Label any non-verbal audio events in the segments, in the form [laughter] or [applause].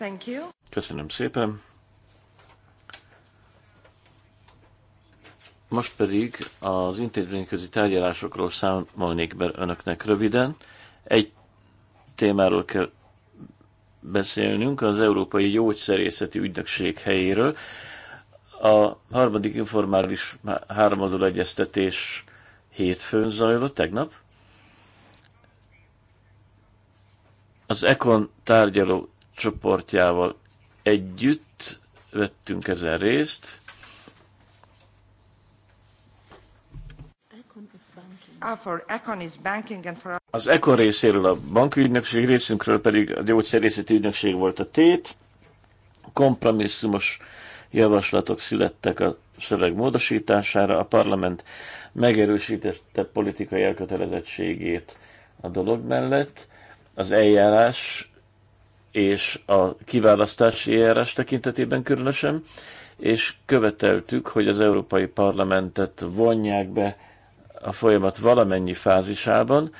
Thank you. Köszönöm szépen. Most pedig az intézményközi tárgyalásokról számolnék be önöknek röviden. Egy témáról kell beszélnünk, az Európai Gyógyszerészeti Ügynökség helyéről. A harmadik informális háromadul egyeztetés hétfőn zajlott, tegnap. Az ECON tárgyaló csoportjával együtt vettünk ezen részt. Ah, Az ECON részéről a bankügynökség részünkről pedig a gyógyszerészeti ügynökség volt a tét. Kompromisszumos javaslatok születtek a szöveg módosítására. A parlament megerősítette politikai elkötelezettségét a dolog mellett. Az eljárás és a kiválasztási eljárás tekintetében különösen, és követeltük, hogy az Európai Parlamentet vonják be a folyamat valamennyi fázisában.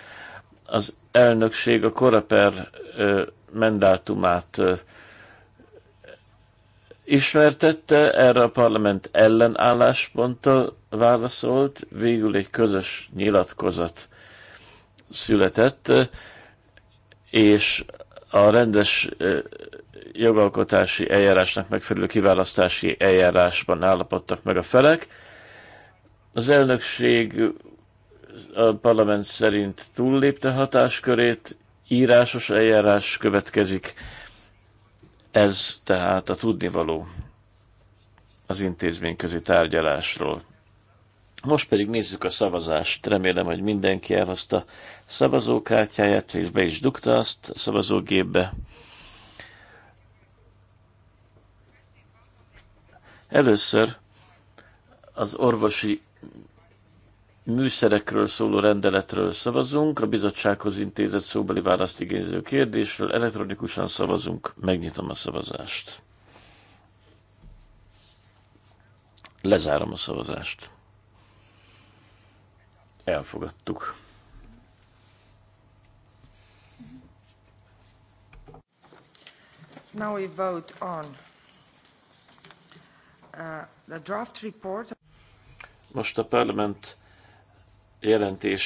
Az elnökség a koraper mandátumát ismertette, erre a parlament ellenállásponttal válaszolt, végül egy közös nyilatkozat született, és a rendes jogalkotási eljárásnak megfelelő kiválasztási eljárásban állapodtak meg a felek. Az elnökség a parlament szerint túllépte hatáskörét, írásos eljárás következik, ez tehát a tudnivaló az intézményközi tárgyalásról. Most pedig nézzük a szavazást. Remélem, hogy mindenki elhozta szavazókártyáját, és be is dugta azt a szavazógépbe. Először az orvosi műszerekről szóló rendeletről szavazunk, a bizottsághoz intézett szóbeli választ igényző kérdésről elektronikusan szavazunk, megnyitom a szavazást. Lezárom a szavazást. Elfogadtuk. Now we vote on uh, the draft report. Most a parlament jelentés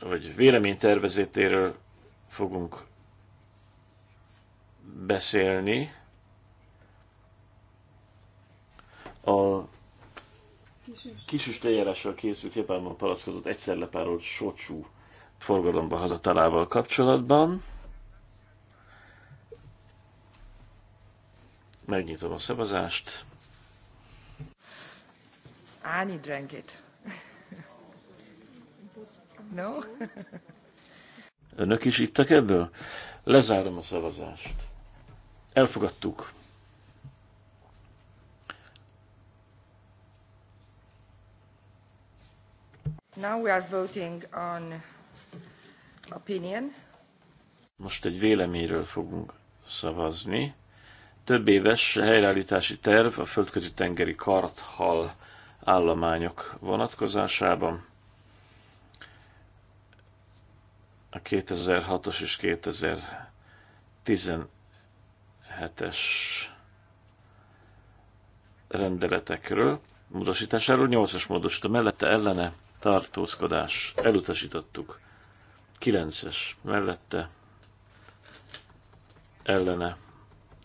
vagy tervezetéről fogunk beszélni. A kisüst eljárással készült Japánban palackozott egyszer lepárolt socsú forgalomba hazatalával kapcsolatban. Megnyitom a szavazást. Annie drank it. No? Önök is ittak ebből? Lezárom a szavazást. Elfogadtuk. Now we are voting on opinion. Most egy véleményről fogunk szavazni több éves helyreállítási terv a földközi tengeri karthal állományok vonatkozásában. A 2006-os és 2017-es rendeletekről, módosításáról 8-as módosító mellette ellene tartózkodás elutasítottuk. 9-es mellette ellene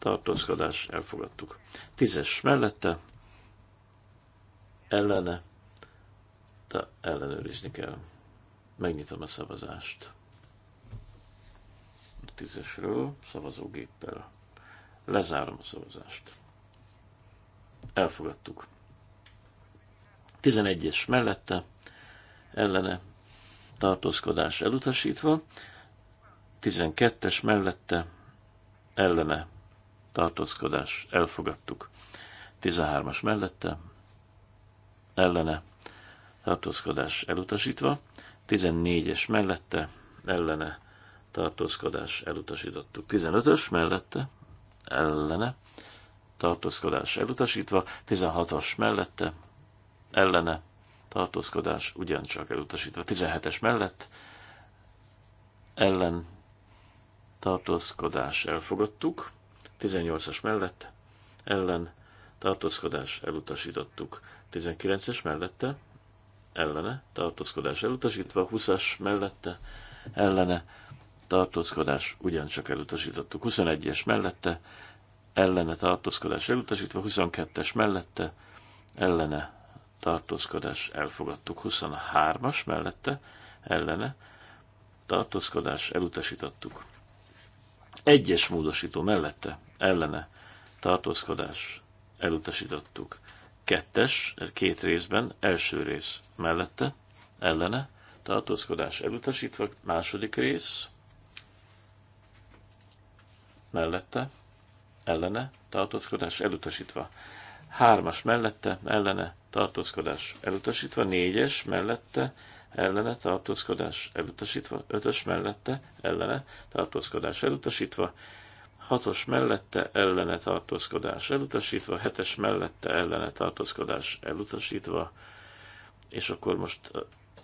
tartózkodás, elfogadtuk. Tízes mellette, ellene, de ellenőrizni kell. Megnyitom a szavazást. A tízesről szavazógéppel. Lezárom a szavazást. Elfogadtuk. Tizenegyes mellette, ellene, tartózkodás elutasítva, 12-es mellette, ellene, tartózkodás, elfogadtuk. 13-as mellette, ellene, tartózkodás elutasítva, 14-es mellette, ellene, tartózkodás elutasítottuk. 15-ös mellette, ellene, tartózkodás elutasítva, 16-as mellette, ellene, tartózkodás ugyancsak elutasítva, 17-es mellett, ellen, tartózkodás elfogadtuk, 18-as mellett ellen tartózkodás elutasítottuk. 19-es mellette ellene tartózkodás elutasítva, 20-as mellette ellene tartózkodás ugyancsak elutasítottuk. 21-es mellette ellene tartózkodás elutasítva, 22-es mellette ellene tartózkodás elfogadtuk, 23-as mellette ellene tartózkodás elutasítottuk. Egyes módosító mellette ellene tartózkodás elutasítottuk. Kettes, két részben, első rész mellette, ellene tartózkodás elutasítva, második rész mellette, ellene tartózkodás elutasítva. Hármas mellette, ellene tartózkodás elutasítva, négyes mellette, ellene tartózkodás elutasítva, ötös mellette, ellene tartózkodás elutasítva, hatos mellette ellene tartózkodás elutasítva, hetes mellette ellene tartózkodás elutasítva, és akkor most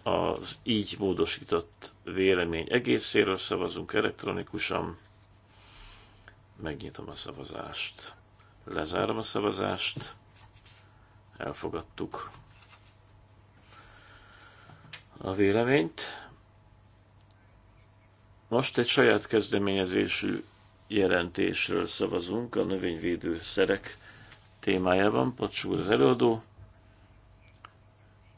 az így módosított vélemény egészéről szavazunk elektronikusan. Megnyitom a szavazást. Lezárom a szavazást. Elfogadtuk a véleményt. Most egy saját kezdeményezésű jelentésről szavazunk a növényvédő szerek témájában. Pocsúr az előadó.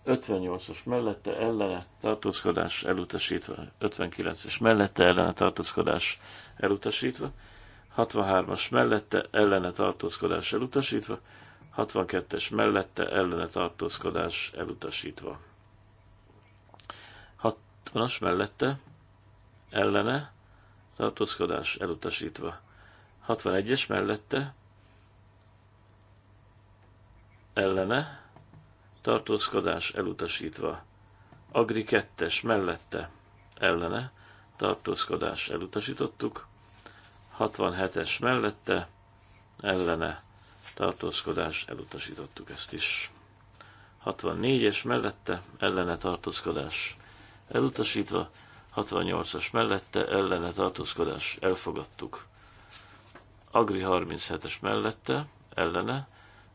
58-as mellette ellene tartózkodás elutasítva, 59-es mellette ellene tartózkodás elutasítva, 63-as mellette ellene tartózkodás elutasítva, 62-es mellette ellene tartózkodás elutasítva. 60-as mellette ellene tartózkodás elutasítva. 61-es mellette ellene tartózkodás elutasítva. Agri 2-es mellette ellene tartózkodás elutasítottuk. 67-es mellette ellene tartózkodás elutasítottuk ezt is. 64-es mellette ellene tartózkodás elutasítva. 68-as mellette ellene tartózkodás elfogadtuk. Agri 37-es mellette ellene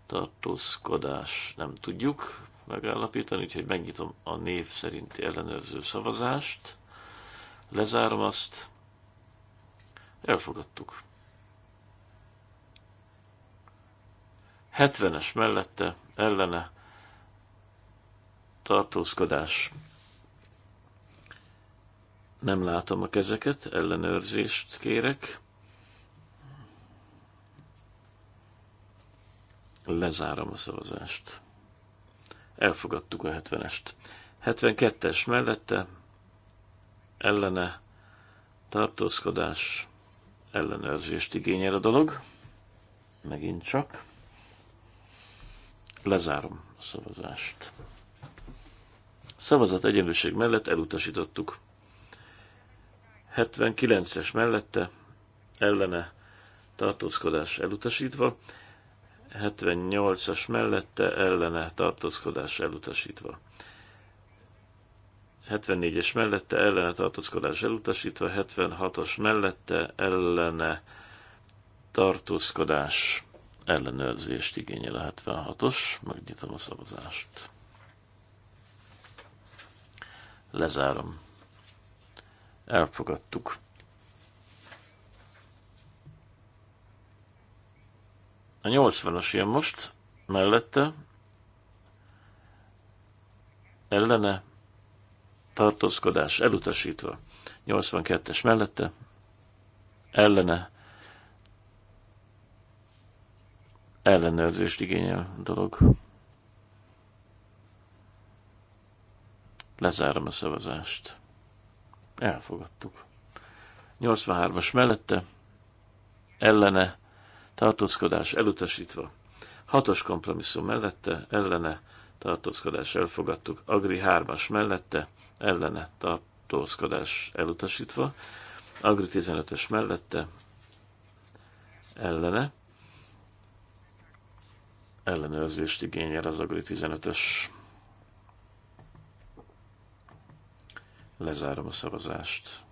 tartózkodás nem tudjuk megállapítani, úgyhogy megnyitom a név szerinti ellenőrző szavazást, lezárom azt, elfogadtuk. 70-es mellette ellene tartózkodás nem látom a kezeket, ellenőrzést kérek. Lezárom a szavazást. Elfogadtuk a 70-est. 72-es mellette ellene tartózkodás ellenőrzést igényel a dolog. Megint csak. Lezárom a szavazást. Szavazat egyenlőség mellett elutasítottuk. 79-es mellette ellene tartózkodás elutasítva, 78-as mellette ellene tartózkodás elutasítva. 74-es mellette ellene tartózkodás elutasítva, 76-os mellette ellene tartózkodás ellenőrzést igényel a 76-os. Megnyitom a szavazást. Lezárom. Elfogadtuk. A 80-as jön most, mellette, ellene, tartózkodás elutasítva. 82-es mellette, ellene, ellenőrzést igényel a dolog. Lezárom a szavazást. Elfogadtuk. 83-as mellette, ellene, tartózkodás elutasítva. 6-os kompromisszum mellette, ellene, tartózkodás elfogadtuk. Agri 3-as mellette, ellene, tartózkodás elutasítva. Agri 15-ös mellette, ellene, ellenőrzést igényel az Agri 15-ös Lezárom a szavazást.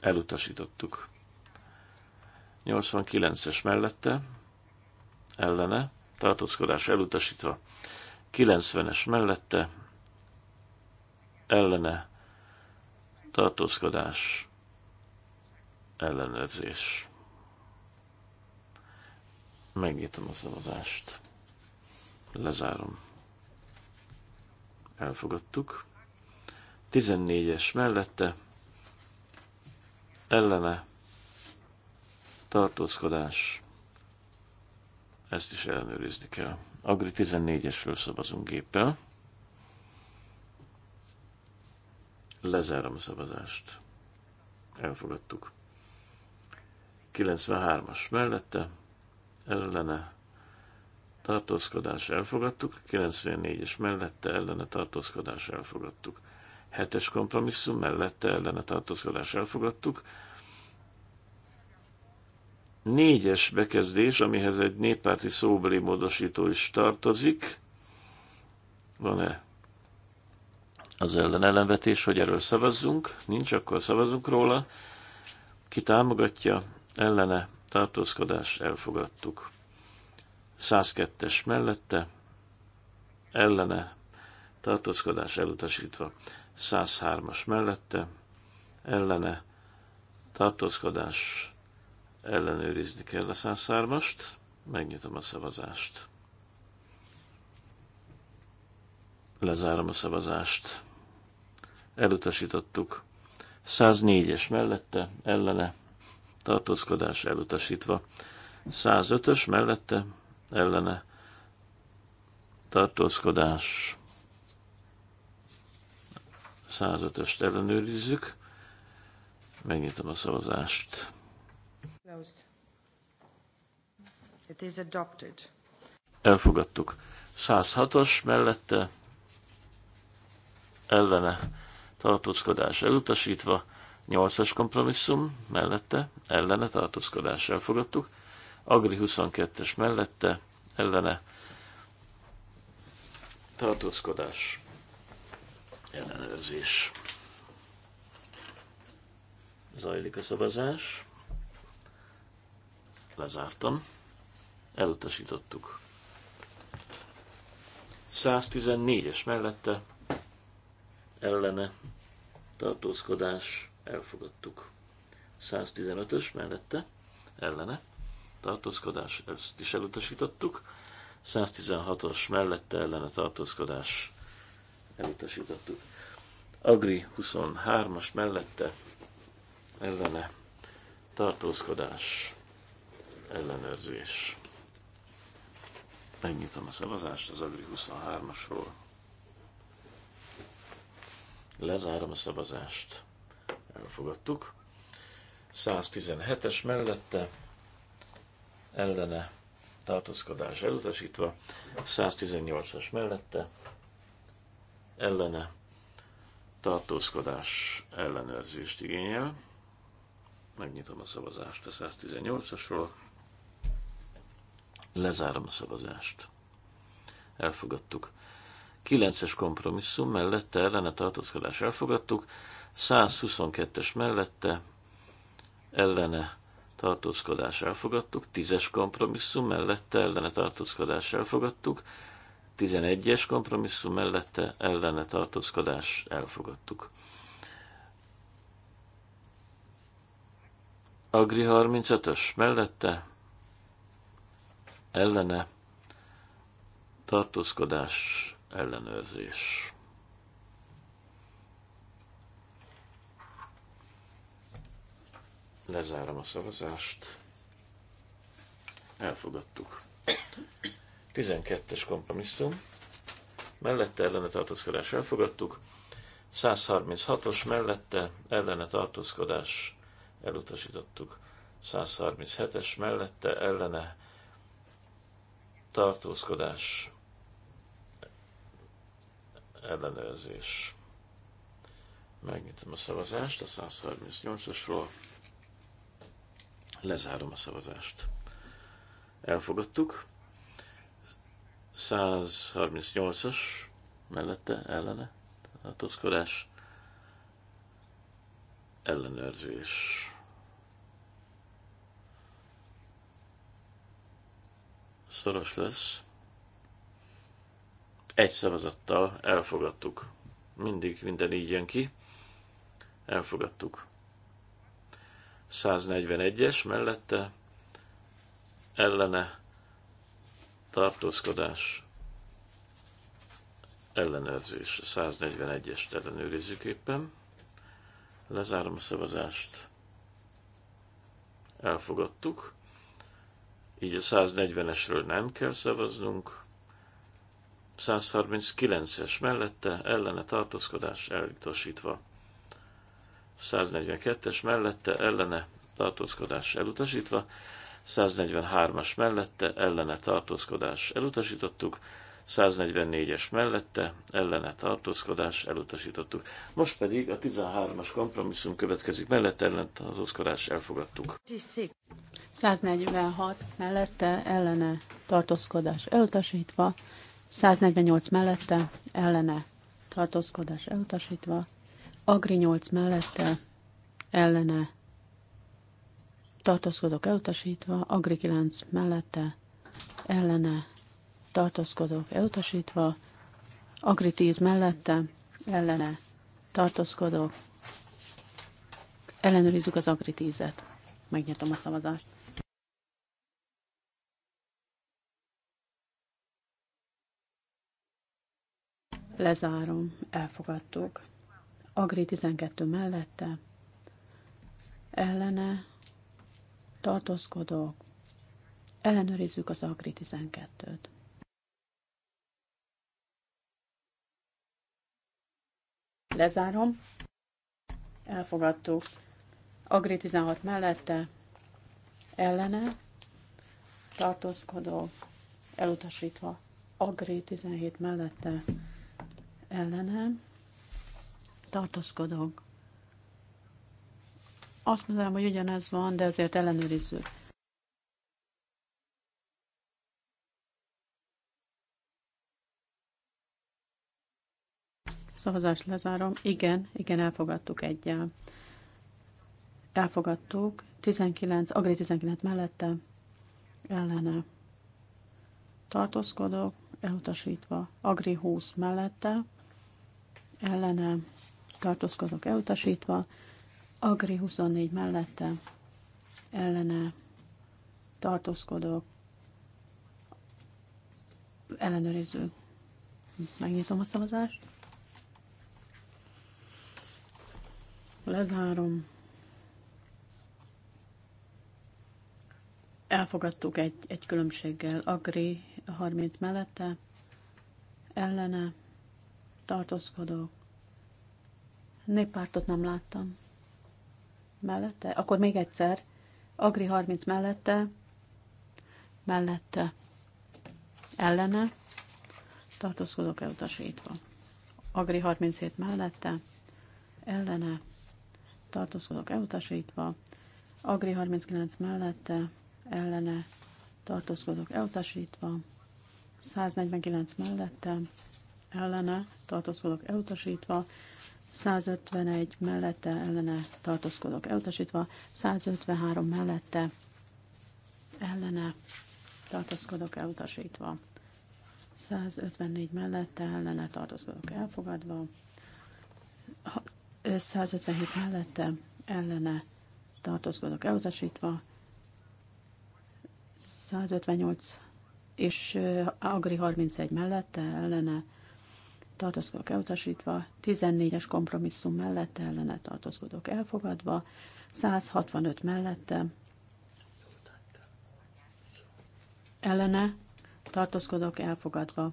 Elutasítottuk. 89-es mellette, ellene, tartózkodás elutasítva. 90-es mellette, ellene, tartózkodás, ellenőrzés. Megnyitom a szavazást. Lezárom. Elfogadtuk. 14-es mellette ellene tartózkodás. Ezt is ellenőrizni kell. Agri 14-esről szavazunk géppel. Lezárom a szavazást. Elfogadtuk. 93-as mellette ellene tartózkodás elfogadtuk, 94-es mellette ellene tartózkodás elfogadtuk. Hetes kompromisszum mellette ellene tartózkodás elfogadtuk. Négyes bekezdés, amihez egy néppárti szóbeli módosító is tartozik. Van-e az ellen ellenvetés, hogy erről szavazzunk? Nincs, akkor szavazunk róla. Ki támogatja? Ellene tartózkodás elfogadtuk. 102-es mellette, ellene tartózkodás elutasítva. 103-as mellette, ellene tartózkodás ellenőrizni kell a 103-ast, megnyitom a szavazást. Lezárom a szavazást. Elutasítottuk. 104-es mellette, ellene, tartózkodás elutasítva. 105-ös mellette, ellene, tartózkodás 105-öst ellenőrizzük. Megnyitom a szavazást. Closed. It is adopted. Elfogadtuk. 106-os mellette ellene tartózkodás elutasítva, 8-as kompromisszum mellette ellene tartózkodás elfogadtuk, Agri 22-es mellette ellene tartózkodás ellenőrzés. Zajlik a szavazás. Lezártam. Elutasítottuk. 114-es mellette ellene tartózkodás elfogadtuk. 115-ös mellette ellene tartózkodás, ezt is elutasítottuk. 116-os mellette ellene tartózkodás elutasítottuk. Agri 23-as mellette ellene tartózkodás, ellenőrzés. Megnyitom a szavazást az Agri 23-asról. Lezárom a szavazást. Elfogadtuk. 117-es mellette ellene tartózkodás elutasítva, 118-as mellette ellene tartózkodás ellenőrzést igényel. Megnyitom a szavazást a 118-asról. Lezárom a szavazást. Elfogadtuk. 9-es kompromisszum mellette ellene tartózkodás elfogadtuk. 122-es mellette ellene tartózkodás elfogadtuk. 10-es kompromisszum mellette ellene tartózkodás elfogadtuk. 11-es kompromisszum mellette ellene tartózkodás elfogadtuk. Agri 35-ös mellette ellene tartózkodás ellenőrzés. Lezárom a szavazást. Elfogadtuk. 12-es kompromisszum, mellette ellene tartózkodás elfogadtuk, 136-os mellette ellene tartózkodás elutasítottuk, 137-es mellette ellene tartózkodás ellenőrzés. Megnyitom a szavazást a 138-osról, lezárom a szavazást. Elfogadtuk. 138-as mellette ellene tartózkodás ellenőrzés. Szoros lesz. Egy szavazattal elfogadtuk. Mindig minden így jön ki. Elfogadtuk. 141-es mellette ellene tartózkodás, ellenőrzés, 141-est ellenőrizzük éppen. Lezárom a szavazást. Elfogadtuk. Így a 140-esről nem kell szavaznunk. 139-es mellette ellene tartózkodás elutasítva. 142-es mellette ellene tartózkodás elutasítva. 143-as mellette ellene tartózkodás elutasítottuk, 144-es mellette ellene tartózkodás elutasítottuk. Most pedig a 13-as kompromisszum következik mellette ellene tartózkodás elfogadtuk. 146 mellette ellene tartózkodás elutasítva, 148 mellette ellene tartózkodás elutasítva, Agri 8 mellette ellene tartózkodok elutasítva, Agri 9 mellette ellene tartózkodok elutasítva, Agri 10 mellette ellene tartózkodok, ellenőrizzük az Agri 10-et. Megnyitom a szavazást. Lezárom, elfogadtuk. Agri 12 mellette, ellene tartózkodók, ellenőrizzük az Agri 12-t. Lezárom. Elfogadtuk. Agri 16 mellette, ellene, tartózkodó, elutasítva. Agri 17 mellette, ellene, tartózkodók, azt mondanám, hogy ugyanez van, de azért ellenőrizzük. Szavazást lezárom. Igen, igen, elfogadtuk egyel. Elfogadtuk. 19, Agri 19 mellette. Ellene. Tartózkodok, elutasítva. Agri 20 mellette. Ellene. Tartózkodok, elutasítva. Agri 24 mellette ellene tartózkodok, ellenőriző. Megnyitom a szavazást. Lezárom. Elfogadtuk egy, egy különbséggel. Agri 30 mellette, ellene tartózkodok. Néppártot nem láttam mellette, akkor még egyszer, Agri 30 mellette, mellette, ellene, tartózkodok elutasítva. Agri 37 mellette, ellene, tartózkodok elutasítva. Agri 39 mellette, ellene, tartózkodok elutasítva. 149 mellette, ellene, tartózkodok elutasítva. 151 mellette ellene tartózkodok elutasítva, 153 mellette ellene tartózkodok elutasítva, 154 mellette ellene tartózkodok elfogadva, 157 mellette ellene tartózkodok elutasítva, 158 és Agri 31 mellette ellene tartózkodók elutasítva, 14-es kompromisszum mellette ellene tartózkodók elfogadva, 165 mellette ellene tartózkodók elfogadva,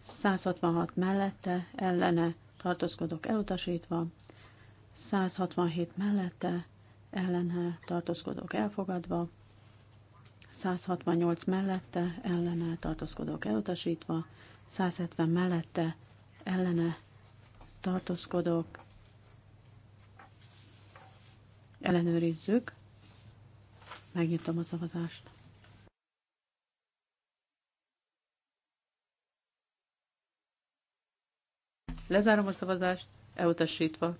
166 mellette ellene tartózkodók elutasítva, 167 mellette ellene tartózkodók elfogadva, 168 mellette ellene tartózkodók elutasítva, 170 mellette ellene tartózkodok, ellenőrizzük, megnyitom a szavazást. Lezárom a szavazást, elutasítva.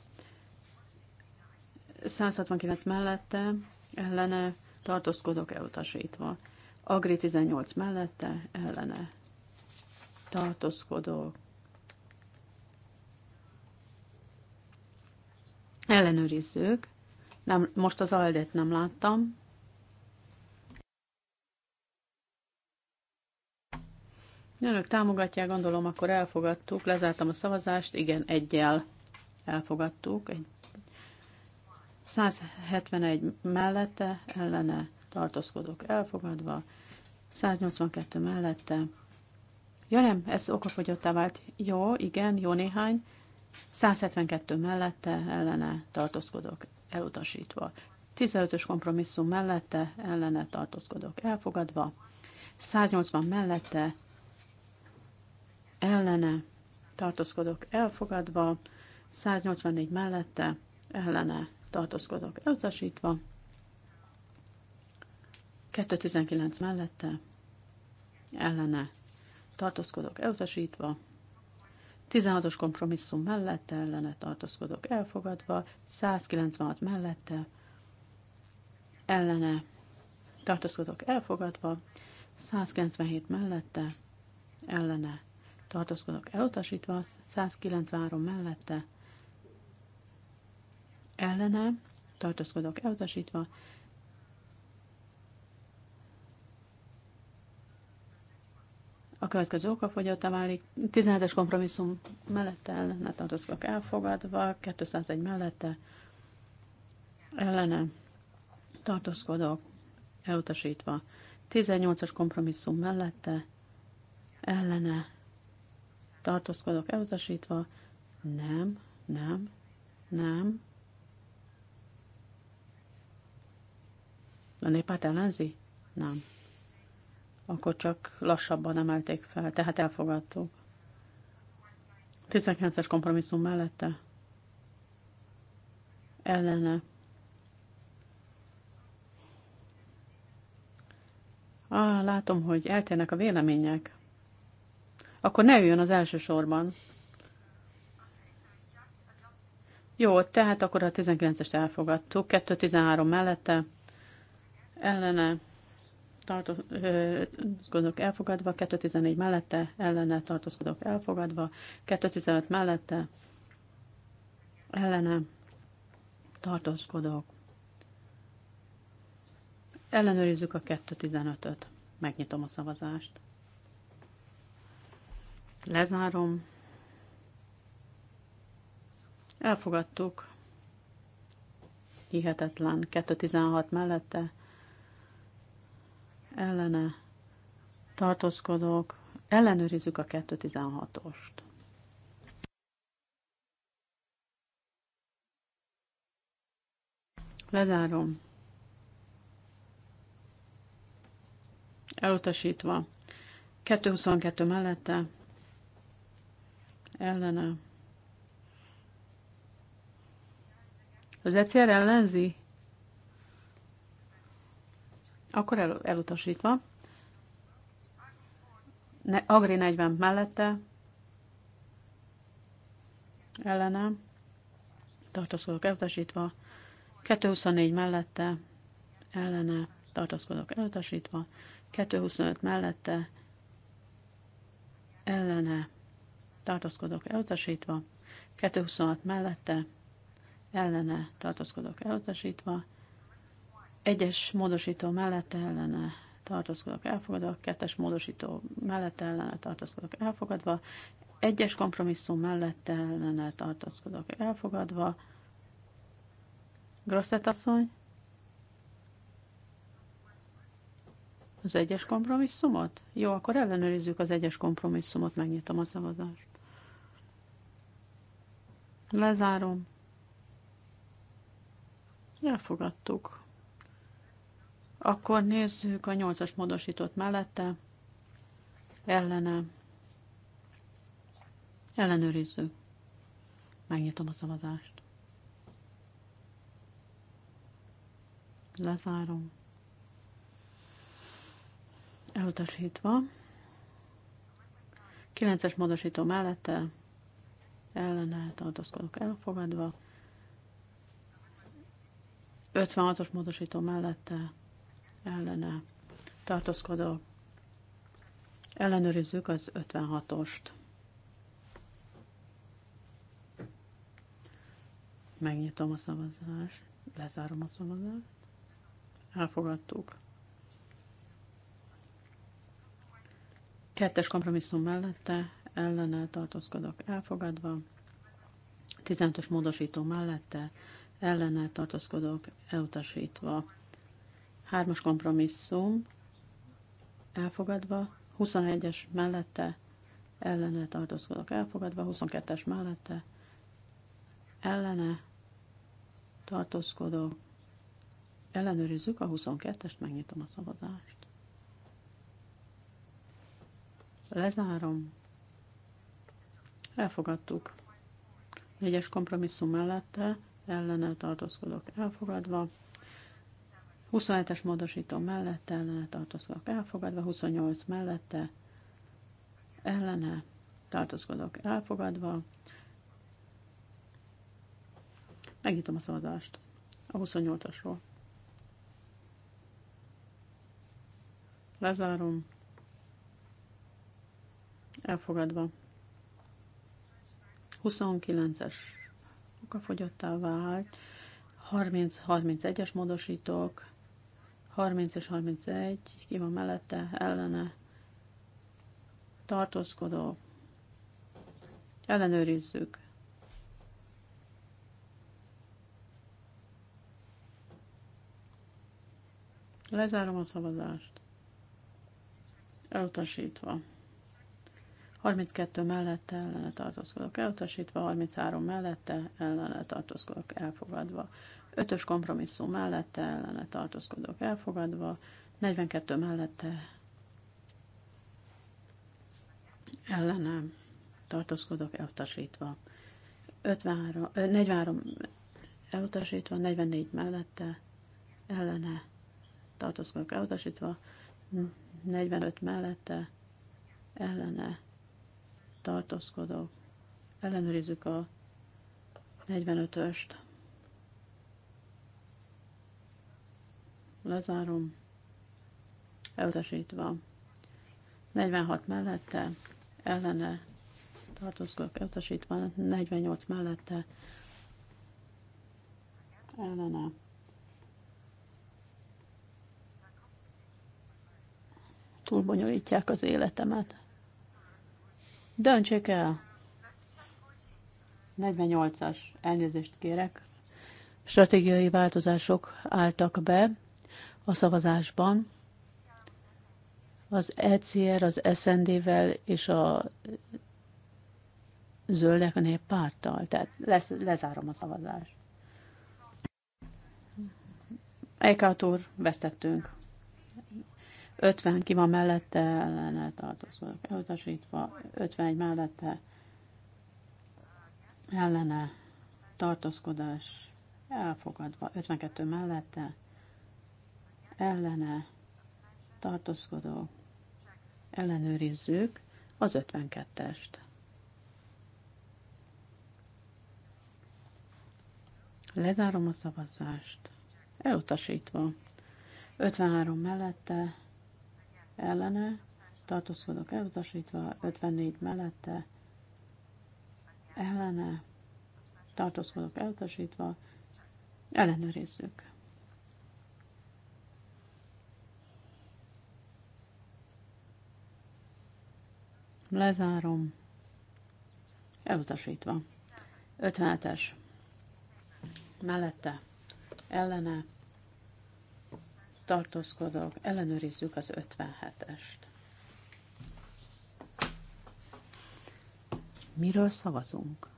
169 mellette, ellene, tartózkodok, elutasítva. Agri 18 mellette, ellene, tartózkodok, Ellenőrizzük. Nem, most az aldet nem láttam. Önök támogatják, gondolom, akkor elfogadtuk. Lezártam a szavazást, igen, egyel elfogadtuk. Egy 171 mellette, ellene tartózkodok elfogadva, 182 mellette. Ja nem, ez okafogyottá vált. Jó, igen, jó néhány. 172 mellette ellene tartózkodok elutasítva. 15-ös kompromisszum mellette ellene tartózkodok elfogadva. 180 mellette ellene tartózkodok elfogadva. 184 mellette ellene tartózkodok elutasítva. 219 mellette ellene tartózkodok elutasítva. 16-os kompromisszum mellette ellene tartózkodók elfogadva, 196 mellette ellene tartózkodók elfogadva, 197 mellette ellene tartózkodók elutasítva, 193 mellette ellene tartózkodók elutasítva, A következő okafogyottá válik. 17-es kompromisszum mellette ne tartózkodók elfogadva, 201 mellette ellene tartózkodók elutasítva. 18-as kompromisszum mellette ellene tartózkodók elutasítva. Nem, nem, nem. A néppárt ellenzi? Nem akkor csak lassabban emelték fel, tehát elfogadtuk. 19-es kompromisszum mellette ellene. Á, látom, hogy eltérnek a vélemények. Akkor ne üljön az első sorban. Jó, tehát akkor a 19-est elfogadtuk. 2-13 mellette ellene tartózkodok elfogadva, 214 mellette ellene tartózkodok elfogadva, 215 mellette ellene tartózkodok. Ellenőrizzük a 215-öt. Megnyitom a szavazást. Lezárom. Elfogadtuk. Hihetetlen. 216 mellette ellene tartózkodok, ellenőrizzük a 216-ost. Lezárom. Elutasítva. 222 mellette. Ellene. Az egyszer ellenzi? Akkor el, elutasítva. Ne, Agri 40 mellette. Ellene. Tartaszkodok elutasítva. 224 mellette. Ellene. Tartaszkodok elutasítva. 225 mellette. Ellene. Tartaszkodok elutasítva. 226 mellette. Ellene. Tartaszkodok elutasítva. Egyes módosító mellett ellene tartózkodok elfogadva, kettes módosító mellett ellene tartózkodok elfogadva, egyes kompromisszum mellett ellene tartózkodok elfogadva. Grosszett asszony? Az egyes kompromisszumot? Jó, akkor ellenőrizzük az egyes kompromisszumot, megnyitom a szavazást. Lezárom. Elfogadtuk. Akkor nézzük a 8-as módosított mellette. Ellene. Ellenőrizzük. Megnyitom a szavazást. Lezárom. Elutasítva. 9-es módosító mellette ellene tartozkodok elfogadva. 56-os módosító mellette ellene tartózkodó. Ellenőrizzük az 56-ost. Megnyitom a szavazást, lezárom a szavazást. Elfogadtuk. Kettes kompromisszum mellette ellene tartózkodok elfogadva. 15-ös módosító mellette ellene tartózkodok elutasítva. Hármas kompromisszum elfogadva, 21-es mellette ellene tartózkodok elfogadva, 22-es mellette ellene tartózkodok. Ellenőrizzük a 22-est, megnyitom a szavazást. Lezárom. Elfogadtuk. 4-es kompromisszum mellette ellene tartózkodok elfogadva. 27-es módosító mellette ellene tartózkodok elfogadva, 28 mellette ellene tartózkodok elfogadva. Megnyitom a szavazást a 28-asról. Lezárom. Elfogadva. 29-es okafogyottá vált. 30-31-es módosítók 30 és 31, ki van mellette, ellene, tartózkodó, ellenőrizzük. Lezárom a szavazást. Elutasítva. 32 mellette ellene tartózkodok elutasítva, 33 mellette ellene tartózkodok elfogadva, Ötös kompromisszum mellette ellene tartózkodok elfogadva, 42 mellette ellene tartózkodok elutasítva, 53, 43 elutasítva, 44 mellette ellene tartózkodok elutasítva, 45 mellette ellene tartózkodok. Ellenőrizzük a 45-öst. lezárom, elutasítva. 46 mellette, ellene, tartózkodok, elutasítva, 48 mellette, ellene. Túlbonyolítják az életemet. Döntsék el! 48-as elnézést kérek. Stratégiai változások álltak be a szavazásban. Az ECR, az SND-vel és a zöldek a néppárttal. Tehát lesz, lezárom a szavazást. Eichhardt úr, vesztettünk. 50 ki van mellette, ellene tartozók elutasítva, 51 mellette ellene tartózkodás elfogadva, 52 mellette ellene tartózkodó, ellenőrizzük az 52-est. Lezárom a szavazást. Elutasítva. 53 mellette, ellene, tartózkodok elutasítva, 54 mellette, ellene, tartózkodok elutasítva, ellenőrizzük. lezárom, elutasítva. 57-es, mellette, ellene, tartózkodok, ellenőrizzük az 57-est. Miről szavazunk?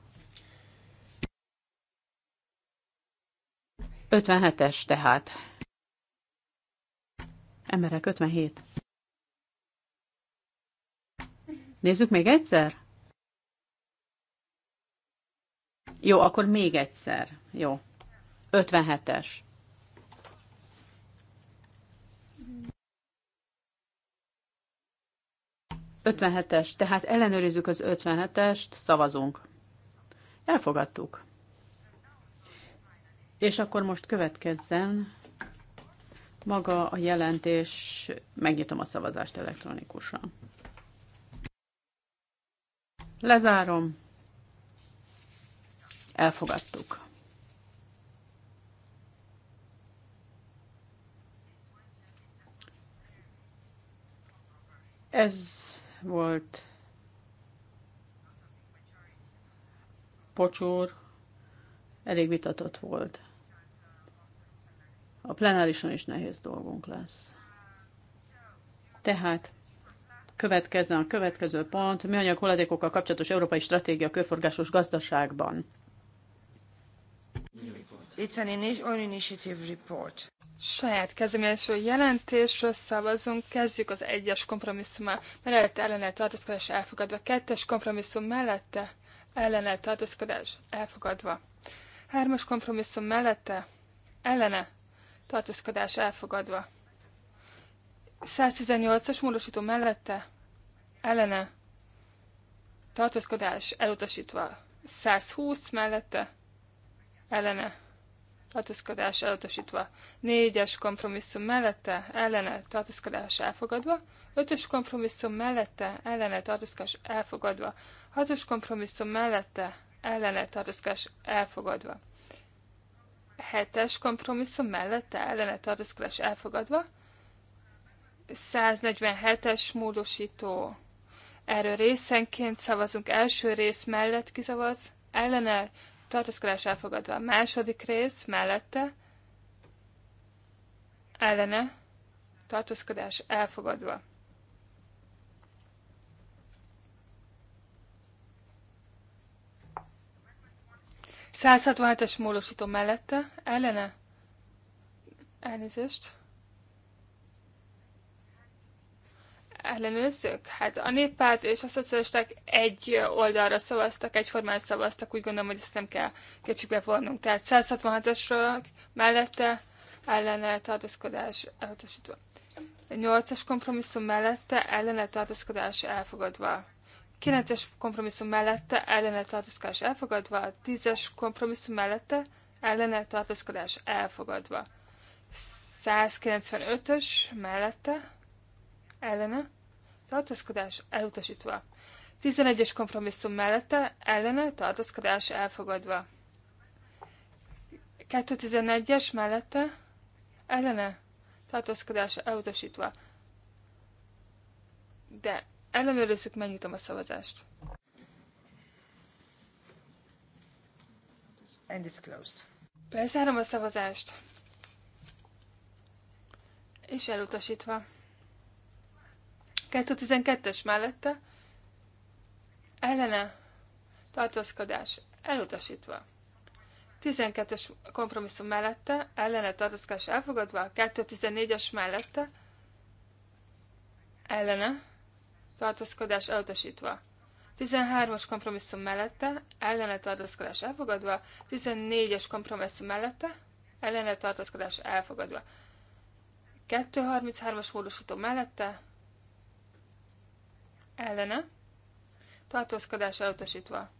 57-es tehát. Emberek 57. Nézzük még egyszer? Jó, akkor még egyszer. Jó. 57-es. Ötvenhetes, tehát ellenőrizzük az 57-est, szavazunk. Elfogadtuk. És akkor most következzen maga a jelentés, megnyitom a szavazást elektronikusan. Lezárom. Elfogadtuk. Ez volt pocsúr, elég vitatott volt. A plenárison is nehéz dolgunk lesz. Tehát Következzen a következő pont, műanyag hulladékokkal kapcsolatos európai stratégia körforgásos gazdaságban. It's an own initiative report. Saját kezdeményező jelentésről szavazunk, kezdjük az egyes kompromisszum mellett ellene tartózkodás elfogadva, kettes kompromisszum mellette ellene tartózkodás elfogadva. Hármas kompromisszum mellette ellene tartózkodás elfogadva. 118-as módosító mellette ellene tartózkodás elutasítva. 120 mellette ellene tartózkodás elutasítva. 4-es kompromisszum mellette ellene tartózkodás elfogadva. 5-ös kompromisszum mellette ellene tartózkodás elfogadva. 6-os kompromisszum mellette ellene tartózkodás elfogadva. 7-es kompromisszum mellette ellene tartózkodás elfogadva. 147-es módosító. Erről részenként szavazunk első rész mellett kiszavaz, ellene tartózkodás elfogadva a második rész mellette, ellene tartózkodás elfogadva. es módosító mellette, ellene elnézést, ellenőrzők? Hát a néppárt és a szocialisták egy oldalra szavaztak, egyformán szavaztak, úgy gondolom, hogy ezt nem kell kétségbe vonnunk. Tehát 166-osról mellette ellene tartózkodás elutasítva. 8-as kompromisszum mellette ellene tartózkodás elfogadva. 9-es kompromisszum mellette ellene tartózkodás elfogadva. 10-es kompromisszum mellette ellene tartózkodás elfogadva. 195-ös mellette ellene tartózkodás elutasítva. 11-es kompromisszum mellette ellene tartózkodás elfogadva. 211-es mellette ellene tartózkodás elutasítva. De ellenőrizzük, megnyitom a szavazást. And it's closed. Bezárom a szavazást. És elutasítva. 212-es mellette ellene tartózkodás elutasítva. 12-es kompromisszum mellette ellene tartózkodás elfogadva, 214-es mellette ellene tartózkodás elutasítva. 13-as kompromisszum mellette ellene tartózkodás elfogadva, 14-es kompromisszum mellette ellene tartózkodás elfogadva. 233-as módosító mellette ellene, tartózkodás elutasítva.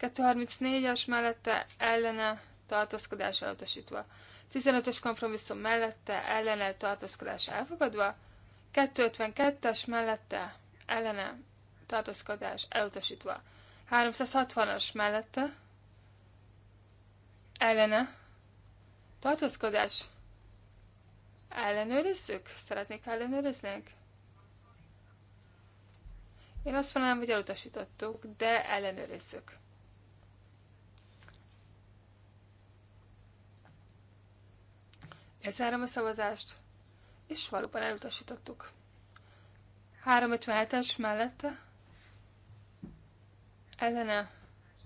234-es mellette ellene, tartózkodás elutasítva. 15-ös kompromisszum mellette ellene, tartózkodás elfogadva. 252-es mellette ellene, tartózkodás elutasítva. 360-as mellette ellene, tartózkodás ellenőrizzük? Szeretnék ellenőriznünk? Én azt mondanám, hogy elutasítottuk, de ellenőrizzük. Lezárom a szavazást, és valóban elutasítottuk. 357-es mellette ellene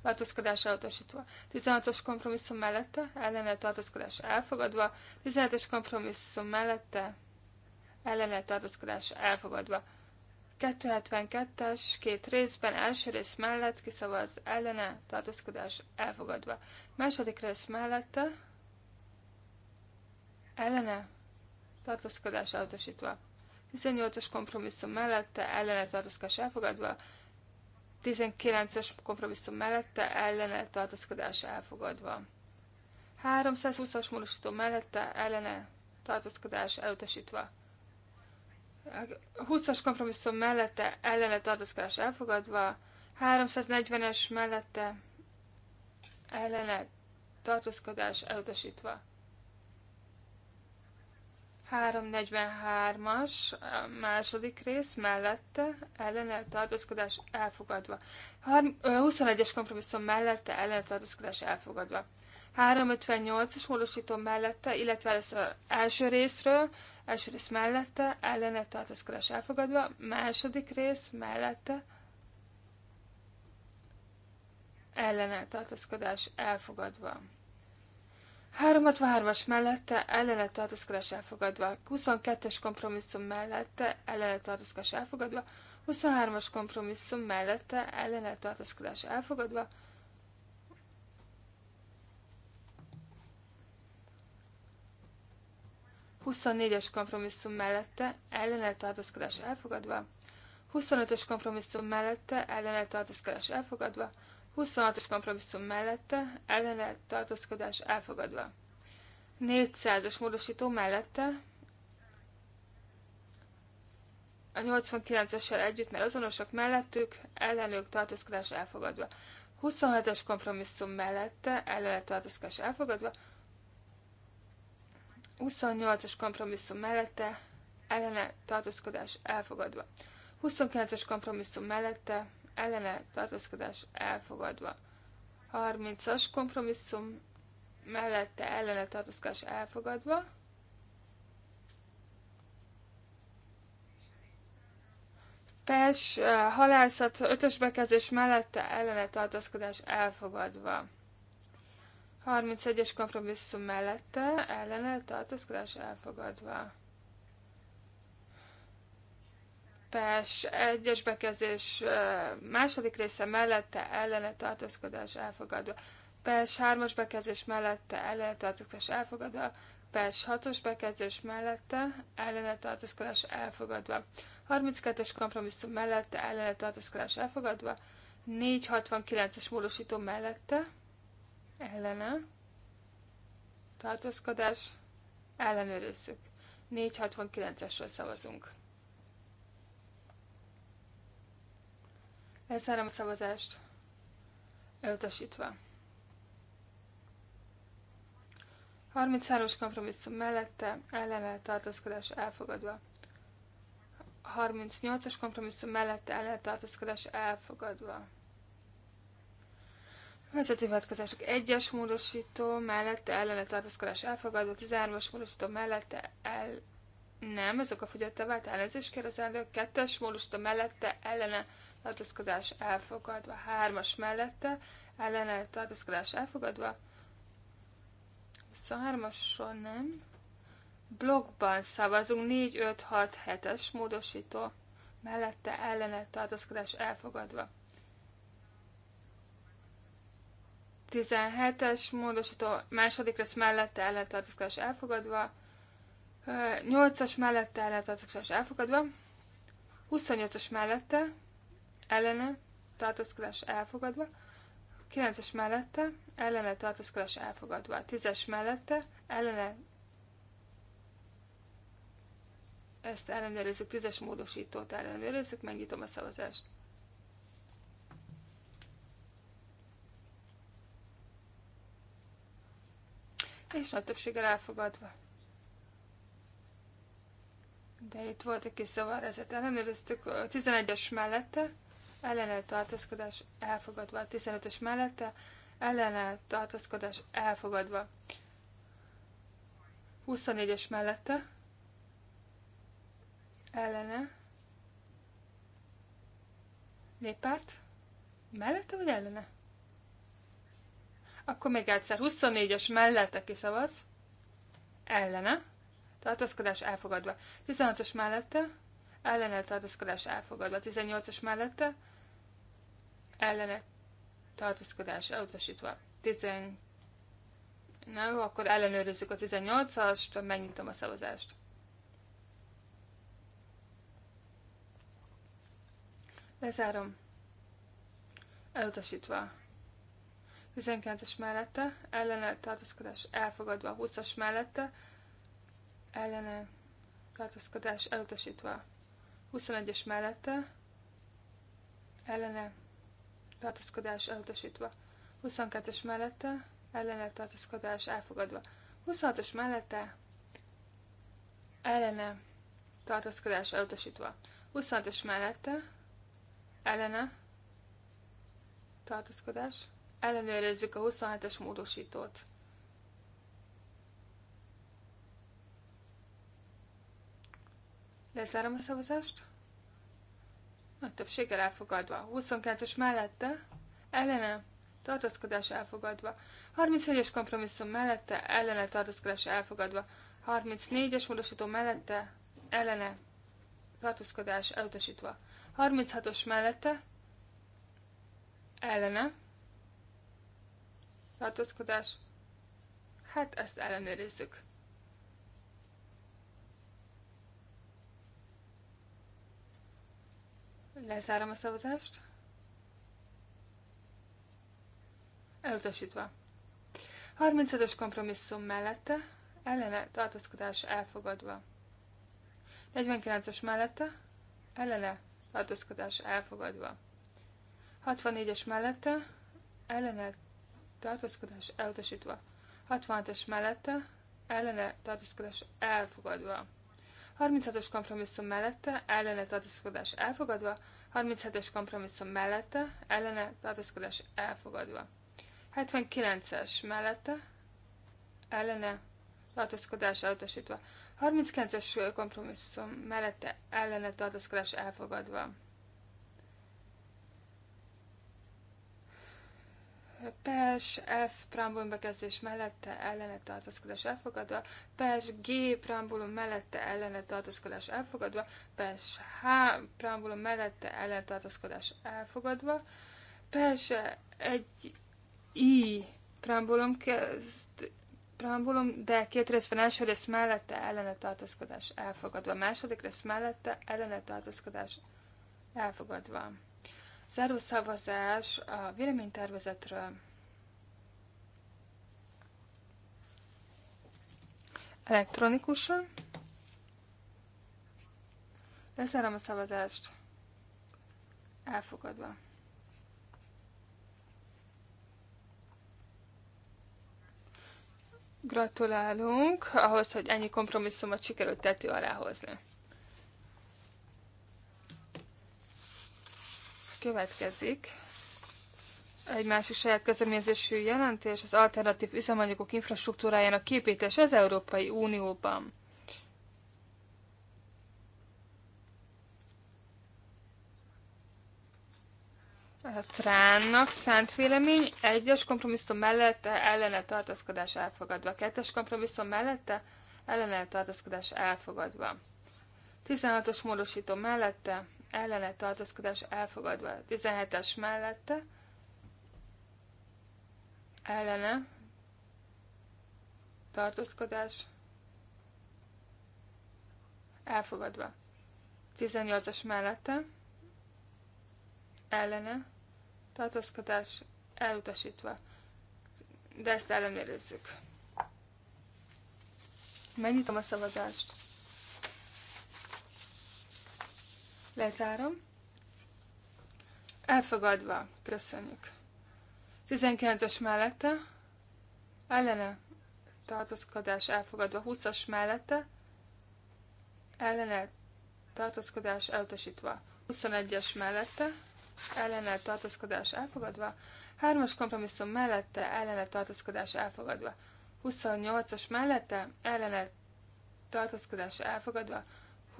tartózkodás elutasítva. 16-os kompromisszum mellette ellene tartózkodás elfogadva. 17-es kompromisszum mellette ellene tartózkodás elfogadva. 272-es két részben, első rész mellett kiszavaz ellene, tartózkodás elfogadva. Második rész mellette, ellene, tartózkodás elutasítva. 18-as kompromisszum mellette, ellene, tartózkodás elfogadva. 19-es kompromisszum mellette, ellene, tartózkodás elfogadva. 320-as módosító mellette, ellene, tartózkodás elutasítva. 20-as kompromisszum mellette ellene tartózkodás elfogadva, 340-es mellette ellene tartózkodás elutasítva. 343-as második rész mellette ellene tartózkodás elfogadva. 21-es kompromisszum mellette ellene tartózkodás elfogadva. 358-as módosító mellette, illetve először első részről, első rész mellette, ellene tartózkodás elfogadva, második rész mellette, ellene tartózkodás elfogadva. 363-as mellette ellene tartozkodás elfogadva, 22-es kompromisszum mellette ellene tartozkodás elfogadva, 23-as kompromisszum mellette ellene tartozkodás elfogadva, 24-es kompromisszum mellette ellene elfogadva, 25-ös kompromisszum mellette ellene elfogadva, 26-os kompromisszum mellette ellene elfogadva. 400-os módosító mellette a 89-essel együtt, mert azonosak mellettük ellenők tartózkodás elfogadva. 27-es kompromisszum mellette ellenőrtartózkodás elfogadva, 28-as kompromisszum mellette ellene tartózkodás elfogadva. 29-es kompromisszum mellette ellene tartózkodás elfogadva. 30-as kompromisszum mellette ellene tartózkodás elfogadva. 5-ös eh, bekezdés mellette ellene tartózkodás elfogadva. 31-es kompromisszum mellette ellene tartózkodás elfogadva. Pes 1-es bekezdés második része mellette ellene tartózkodás elfogadva. Pes 3-as bekezdés mellette ellene tartózkodás elfogadva. Pes 6-os bekezdés mellette ellene tartózkodás elfogadva. 32-es kompromisszum mellette ellene tartózkodás elfogadva. 469-es módosító mellette ellene, tartózkodás, ellenőrizzük. 469-esről szavazunk. Lezárom a szavazást, elutasítva. 33-os kompromisszum mellette, ellene, tartózkodás, elfogadva. 38-as kompromisszum mellette, ellene, tartózkodás, elfogadva. Vezetőhivatkozások 1-es módosító mellette ellene tartózkodás elfogadva, 13-as módosító mellette el... Nem, ezek a fogyottá vált ellenzés kér az 2-es módosító mellette ellene tartózkodás elfogadva, 3-as mellette ellene tartózkodás elfogadva, 23-asról nem. Blogban szavazunk 4, 5, 6, 7-es módosító mellette ellene tartózkodás elfogadva. 17-es módosító második rész mellette ellentartózkodás elfogadva. 8-as mellette ellentartózkodás elfogadva. 28-as mellette ellene tartózkodás elfogadva. 9-es mellette ellene tartózkodás elfogadva. 10-es mellette ellene ezt ellenőrizzük, 10-es módosítót ellenőrizzük, megnyitom a szavazást. és a többséggel elfogadva. De itt volt egy kis szavar, ezért ellenőriztük a 11-es mellette, ellene tartózkodás elfogadva, a 15-ös mellette, ellene tartózkodás elfogadva. 24-es mellette, ellene, néppárt, mellette vagy ellene? Akkor még egyszer 24-es mellette kiszavaz, ellene, tartózkodás elfogadva. 16-os mellette, ellene tartózkodás elfogadva. 18-as mellette, ellene tartózkodás elutasítva. 10... Na jó, akkor ellenőrizzük a 18-ast, megnyitom a szavazást. Lezárom. Elutasítva. 19-es mellette, ellene tartózkodás elfogadva, 20-as mellette, ellene tartózkodás elutasítva, 21-es mellette, ellene tartózkodás elutasítva, 22-es mellette, ellene tartózkodás elfogadva, 26-os mellette, ellene tartózkodás elutasítva, 26-os mellette, ellene tartózkodás Ellenőrizzük a 27-es módosítót. Lezárom a szavazást. A többséggel elfogadva. 29-es mellette, ellene, tartózkodás elfogadva. 31-es kompromisszum mellette, ellene, tartózkodás elfogadva. 34-es módosító mellette, ellene, tartózkodás elutasítva. 36-os mellette, ellene, tartózkodás. Hát ezt ellenőrizzük. Lezárom a szavazást. Elutasítva. 35-ös kompromisszum mellette, ellene tartózkodás elfogadva. 49-es mellette, ellene tartózkodás elfogadva. 64-es mellette, ellene tartózkodás elutasítva. 66 os mellette, ellene tartózkodás elfogadva. 36-os kompromisszum mellette, ellene tartózkodás elfogadva. 37-es kompromisszum mellette, ellene tartózkodás elfogadva. 79-es mellette, ellene tartózkodás elutasítva. 39-es kompromisszum mellette, ellene tartózkodás elfogadva. PES F preambulum bekezdés mellette ellene tartózkodás elfogadva, PES G preambulum mellette ellene tartózkodás elfogadva, PES H preambulum mellette ellene tartózkodás elfogadva, PES egy I preambulum, kezd, preambulum, de két részben első rész mellette ellene tartózkodás elfogadva, második rész mellette ellene tartózkodás elfogadva. Záró szavazás a véleménytervezetről. Elektronikusan. Leszárom a szavazást. Elfogadva. Gratulálunk ahhoz, hogy ennyi kompromisszumot sikerült tető alá hozni. következik egy másik saját kezdeményezésű jelentés, az alternatív üzemanyagok infrastruktúrájának képítése az Európai Unióban. A Tránnak szánt vélemény, egyes kompromisszum mellette ellene tartózkodás elfogadva, kettes kompromisszum mellette ellene tartózkodás elfogadva. 16-os módosító mellette ellene tartózkodás elfogadva. 17-es mellette ellene tartózkodás elfogadva. 18-as mellette ellene tartózkodás elutasítva. De ezt ellenőrizzük. Megnyitom a szavazást. Lezárom. Elfogadva. Köszönjük. 19-es mellette. Ellene. Tartózkodás elfogadva. 20-as mellette. Ellene. Tartózkodás elutasítva. 21-es mellette. Ellene. Tartózkodás elfogadva. 3-as kompromisszum mellette. Ellene. Tartózkodás elfogadva. 28-as mellette. Ellene. Tartózkodás elfogadva.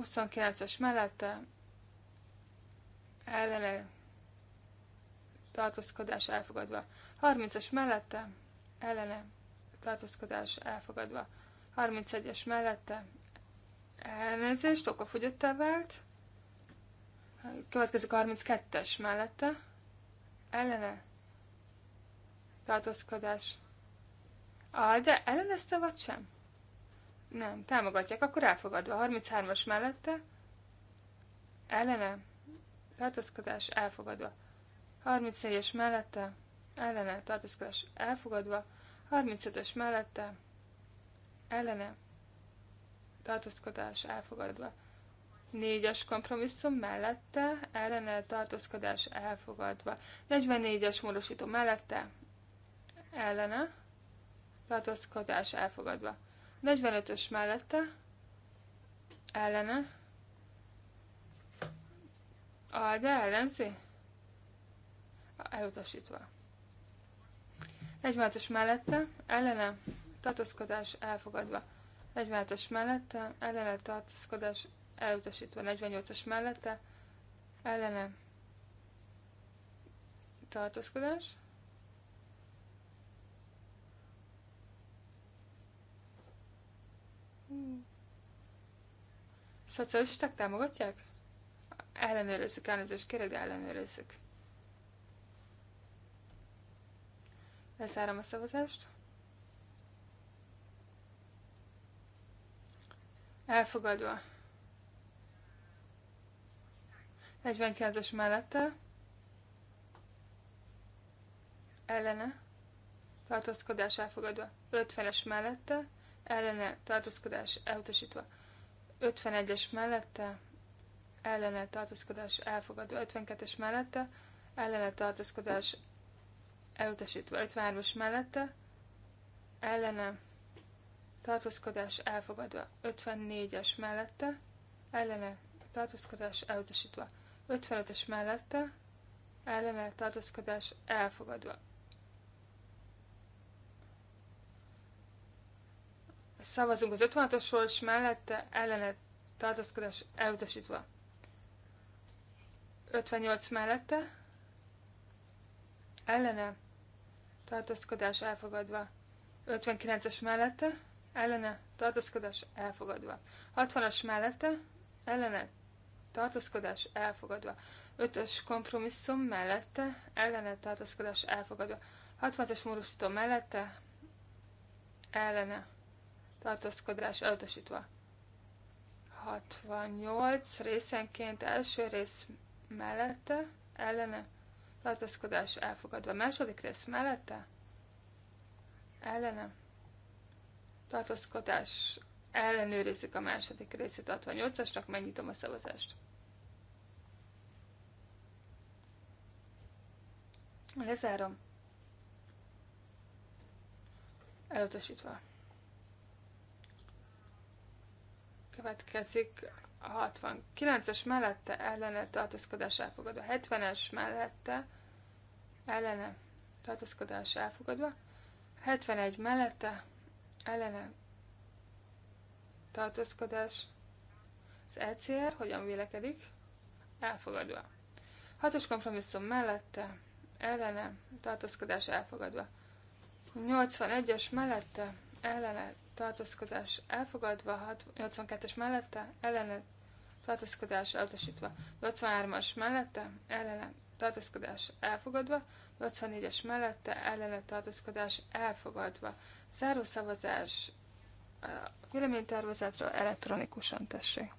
29-es mellette ellene tartózkodás elfogadva. 30-as mellette ellene tartózkodás elfogadva. 31-es mellette elnézést, okafogyottá vált. Következik 32-es mellette ellene tartózkodás. Á, de ellenezte vagy sem? Nem, támogatják, akkor elfogadva. 33-as mellette ellene tartózkodás elfogadva. 34-es mellette, ellene, tartózkodás elfogadva. 35-ös mellette, ellene, tartózkodás elfogadva. 4-es kompromisszum mellette, ellene, tartózkodás elfogadva. 44-es módosító mellette, ellene, tartózkodás elfogadva. 45-ös mellette, ellene, Alde ellenzi? Elutasítva. 46-os mellette, ellene, tartózkodás elfogadva. 46-os mellette, ellene, tartózkodás elutasítva. 48-as mellette, ellene, tartózkodás. Szocialisták támogatják? ellenőrözzük, ellenőrizzük, kérek, de ellenőrözzük. Lezárom a szavazást. Elfogadva. 49-es mellette. Ellene. Tartózkodás elfogadva. 50-es mellette. Ellene. Tartózkodás elutasítva. 51-es mellette ellene tartózkodás elfogadva, 52-es mellette, ellene tartózkodás elutasítva, 53 os mellette, ellene tartózkodás elfogadva, 54-es mellette, ellene tartózkodás elutasítva, 55-es mellette, ellene tartózkodás elfogadva. Szavazunk az 56-osról, és mellette ellene tartózkodás elutasítva. 58 mellette, ellene, tartózkodás elfogadva. 59-es mellette, ellene, tartózkodás elfogadva. 60-as mellette, ellene, tartózkodás elfogadva. 5-ös kompromisszum mellette, ellene, tartózkodás elfogadva. 60-as módosító mellette, ellene, tartózkodás elutasítva. 68 részenként első rész mellette, ellene, tartózkodás elfogadva. Második rész mellette, ellene, tartózkodás ellenőrizzük a második részét 68-asnak, megnyitom a szavazást. Lezárom. Elutasítva. Következik a 69-es mellette ellene tartózkodás elfogadva, 70-es mellette ellene tartózkodás elfogadva, 71 mellette ellene tartózkodás az ECR hogyan vélekedik? Elfogadva. 6-os kompromisszum mellette ellene tartózkodás elfogadva. 81-es mellette ellene tartózkodás elfogadva, 82-es mellette, ellene tartózkodás elutasítva, 83-as mellette, ellene tartózkodás elfogadva, 84-es mellette, ellene tartózkodás elfogadva. Záró szavazás a véleménytervezetre elektronikusan tessék.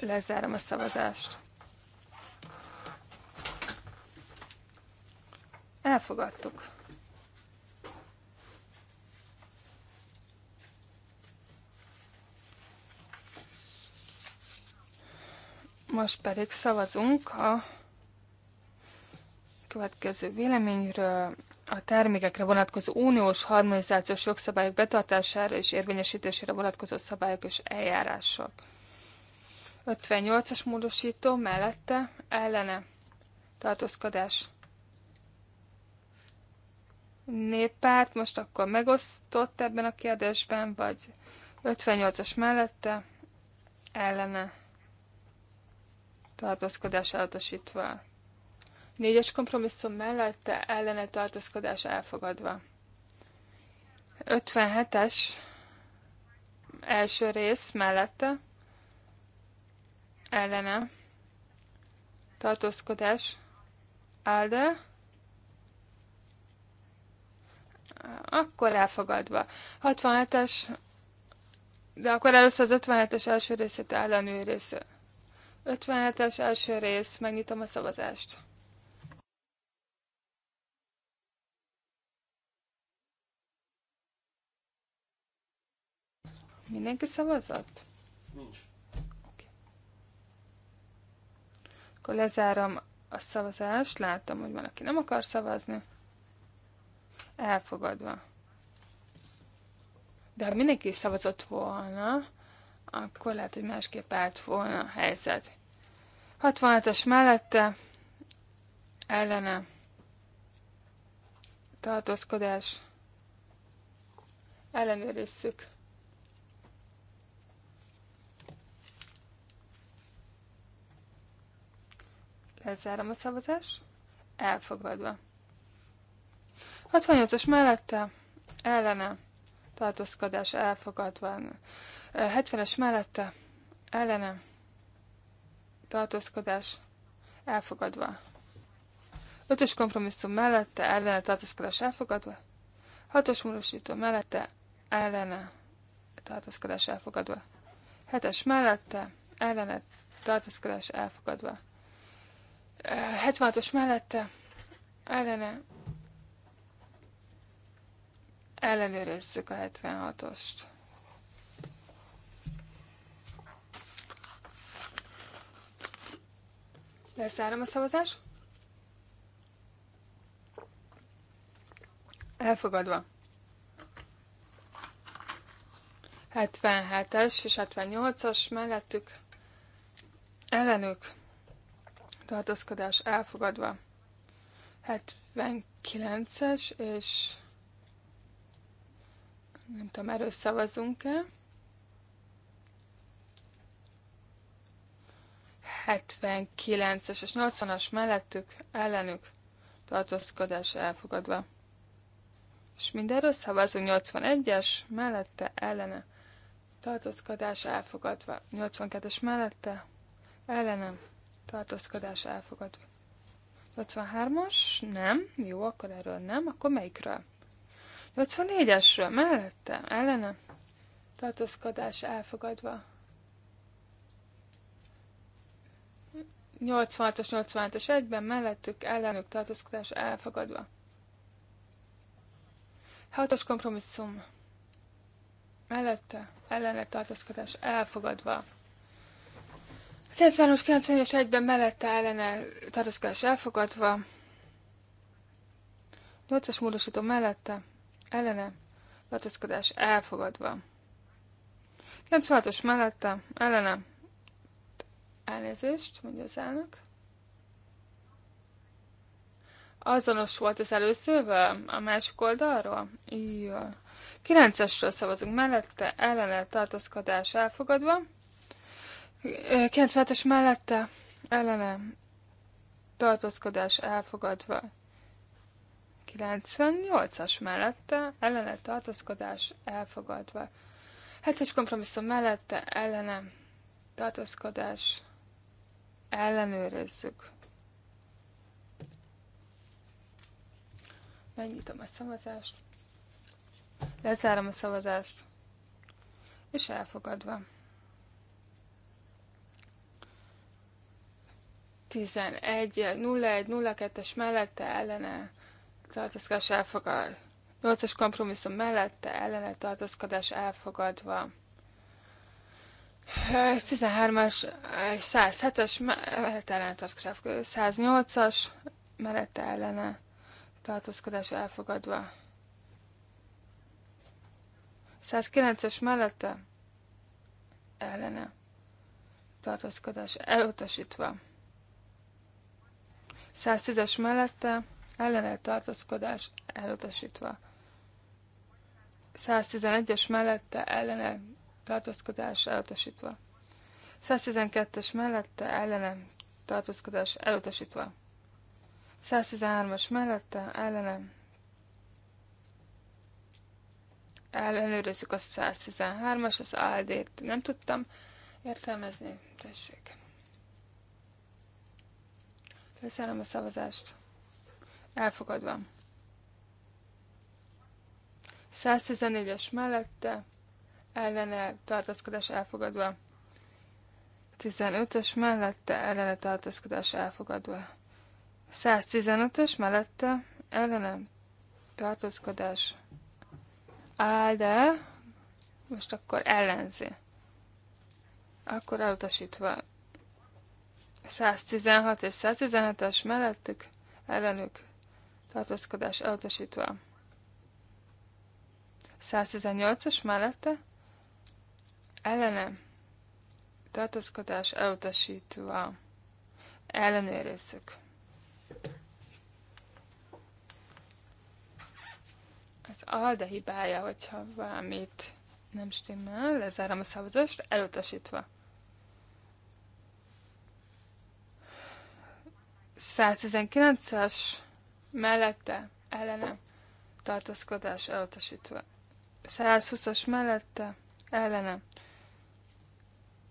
Lezárom a szavazást. Elfogadtuk. Most pedig szavazunk a következő véleményről a termékekre vonatkozó uniós harmonizációs jogszabályok betartására és érvényesítésére vonatkozó szabályok és eljárások. 58-as módosító mellette ellene tartózkodás néppárt most akkor megosztott ebben a kérdésben, vagy 58-as mellette ellene tartózkodás elutasítva. Négyes kompromisszum mellette ellene tartózkodás elfogadva. 57-es első rész mellette ellene tartózkodás álde akkor elfogadva. 67-es, de akkor először az 57-es első részét rész, 57-es első rész, megnyitom a szavazást. Mindenki szavazott? Nincs. Okay. Akkor lezárom a szavazást, látom, hogy van, aki nem akar szavazni elfogadva. De ha mindenki szavazott volna, akkor lehet, hogy másképp állt volna a helyzet. 66-as mellette ellene tartózkodás ellenőrizzük. Lezárom a szavazást. Elfogadva. 68-as mellette ellene tartózkodás elfogadva. 70-es eh, mellette ellene tartózkodás elfogadva. 5-ös kompromisszum mellette ellene tartózkodás elfogadva. 6-os módosító mellette ellene tartózkodás elfogadva. 7-es mellette ellene tartózkodás elfogadva. 76-os eh, mellette ellene Ellenőrizzük a 76-ost. Leszárom a szavazást. Elfogadva. 77-es és 78-as mellettük ellenük tartózkodás elfogadva. 79-es és nem tudom, erről szavazunk-e. 79-es és 80-as mellettük, ellenük tartózkodás elfogadva. És mindenről szavazunk 81-es, mellette, ellene, tartózkodás elfogadva. 82-es mellette, ellene tartózkodás elfogadva. 83-as, nem, jó, akkor erről nem, akkor melyikről? 84-esről mellette, ellene, tartózkodás elfogadva. 86-os, 87-es egyben mellettük ellenük tartózkodás elfogadva. 6-os kompromisszum mellette ellenek tartózkodás elfogadva. 93 os 94 es egyben mellette ellene tartózkodás elfogadva. 8-as módosító mellette ellene, tartózkodás elfogadva. 96-os mellette, ellene, elnézést, mondja az elnök. Azonos volt az előzővel, a másik oldalról? Jó. 9-esről szavazunk mellette, ellene, tartózkodás elfogadva. 96 es mellette, ellene, tartózkodás elfogadva. 98-as mellette ellene tartózkodás elfogadva. 7-es kompromisszum mellette ellene tartózkodás ellenőrizzük. Megnyitom a szavazást. Lezárom a szavazást. És elfogadva. 11, 01, 02-es mellette ellene tartozkodás elfogad. 8-as kompromisszum mellette ellene tartozkodás elfogadva. 13-as és 107-es mellette ellene tartozkodás elfogadva. 108-as mellette ellene tartózkodás elfogadva. 109-es eh, mellette ellene tartózkodás elutasítva. 110-es mellette ellene tartózkodás elutasítva. 111-es mellette ellene tartózkodás elutasítva. 112-es mellette ellene tartózkodás elutasítva. 113-as mellette ellene ellenőrizzük a 113-as, az ALD-t nem tudtam értelmezni, tessék. Köszönöm a szavazást elfogadva. 114-es mellette, ellene tartózkodás elfogadva. 15-ös mellette, ellene tartózkodás elfogadva. 115-ös mellette, ellene tartózkodás áll, de most akkor ellenzi. Akkor elutasítva 116 és 117-es mellettük, ellenük tartózkodás elutasítva. 118-as mellette ellene tartózkodás elutasítva ellenőrizzük. Az alde hibája, hogyha valamit nem stimmel, lezárom a szavazást, elutasítva. 119-es mellette, ellene, tartózkodás elutasítva. 120-as mellette, ellene,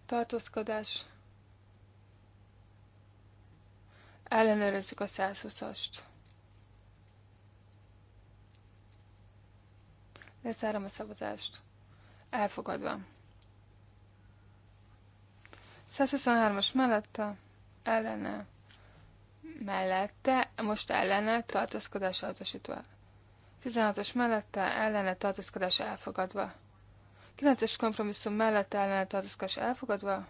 tartózkodás, ellenőrizzük a 120-ast. Lezárom a szavazást. Elfogadva. 123-as mellette, ellene, mellette, most ellene tartózkodás elutasítva. 16-os mellette ellene tartózkodás elfogadva. 9-es kompromisszum mellette ellene tartózkodás elfogadva.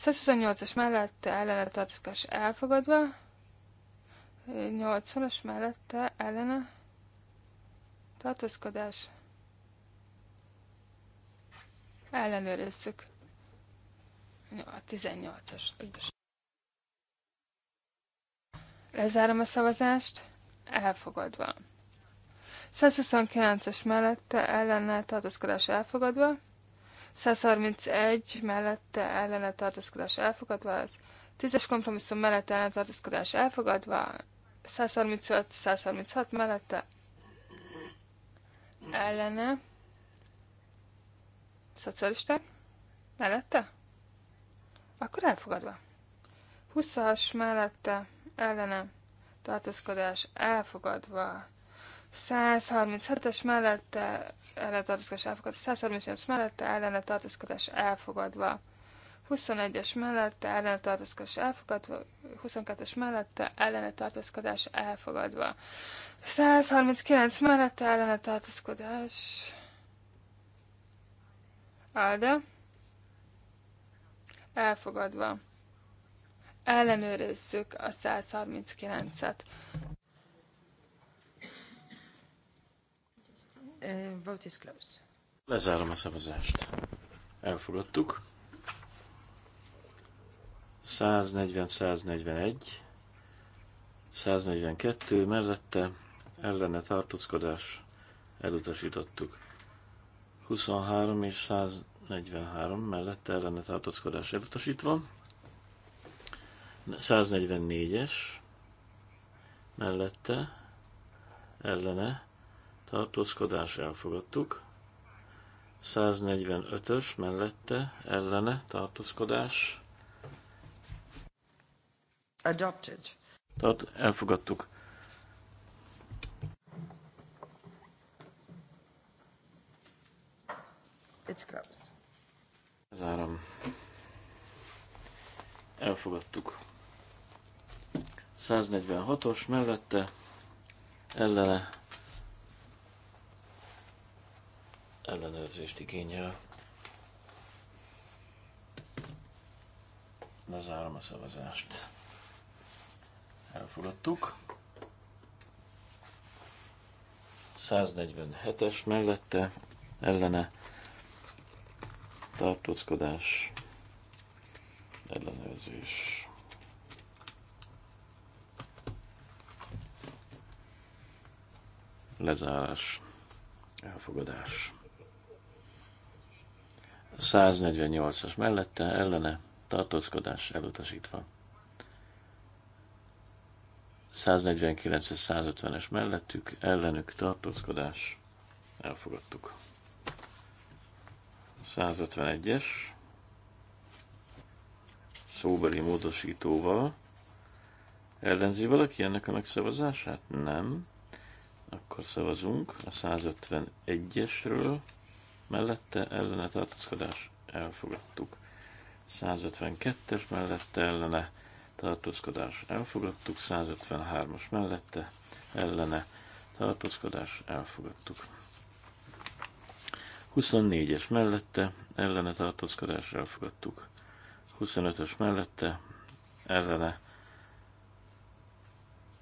128-as mellette ellene tartózkodás elfogadva. 80-as mellette ellene tartózkodás ellenőrizzük. A 18-as. Lezárom a szavazást. Elfogadva. 129-es mellette ellene tartózkodás elfogadva. 131 mellette ellene tartózkodás elfogadva. Az 10-es kompromisszum mellette ellene tartózkodás elfogadva. 135-136 mellette ellene. Szocialisták? Mellette? Akkor elfogadva. 20-as mellette ellene tartózkodás elfogadva. 137-es mellette ellene tartózkodás elfogadva. 138 mellette ellene tartózkodás elfogadva. 21-es mellette ellene tartózkodás elfogadva, 22-es mellette ellene tartózkodás elfogadva. 139 mellette ellene tartózkodás Alde. Elfogadva ellenőrizzük a 139-et. Uh, vote is closed. Lezárom a szavazást. Elfogadtuk. 140-141, 142 mellette ellene tartózkodás elutasítottuk. 23 és 143 mellette ellene tartózkodás elutasítva. 144-es mellette ellene tartózkodás elfogadtuk. 145-ös mellette ellene tartózkodás. Adopted. Tart, elfogadtuk. It's closed. Zárom. Elfogadtuk. 146-os mellette ellene ellenőrzést igényel. Lezárom a szavazást. Elfogadtuk. 147-es mellette ellene tartózkodás ellenőrzés lezárás, elfogadás. 148-as mellette, ellene, tartózkodás elutasítva. 149-es, 150-es mellettük, ellenük tartózkodás, elfogadtuk. 151-es, szóbeli módosítóval, ellenzi valaki ennek a megszavazását? Nem. Akkor szavazunk a 151-esről. Mellette ellene tartózkodás elfogadtuk. 152-es mellette ellene tartózkodás elfogadtuk. 153-as mellette ellene tartózkodás elfogadtuk. 24-es mellette ellene tartózkodás elfogadtuk. 25-ös mellette ellene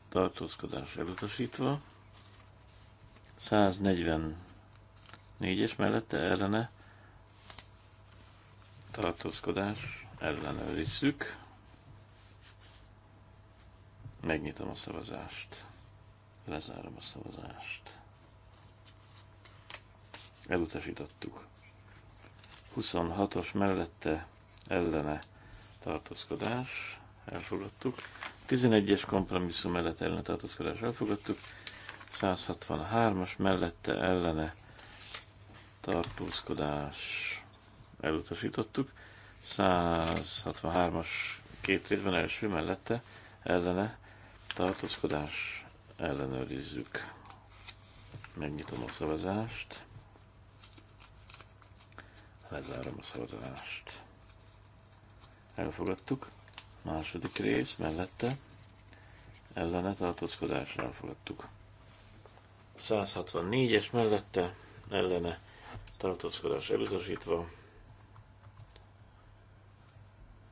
tartózkodás elutasítva. 144-es mellette ellene tartózkodás ellenőrizzük. Megnyitom a szavazást. Lezárom a szavazást. Elutasítottuk. 26-os mellette ellene tartózkodás, elfogadtuk. 11-es kompromisszum mellett ellene tartózkodás, elfogadtuk. 163-as mellette ellene tartózkodás elutasítottuk. 163-as két részben első mellette ellene tartózkodás ellenőrizzük. Megnyitom a szavazást. Lezárom a szavazást. Elfogadtuk. Második rész mellette ellene tartózkodásra elfogadtuk. 164-es mellette ellene tartózkodás elutasítva,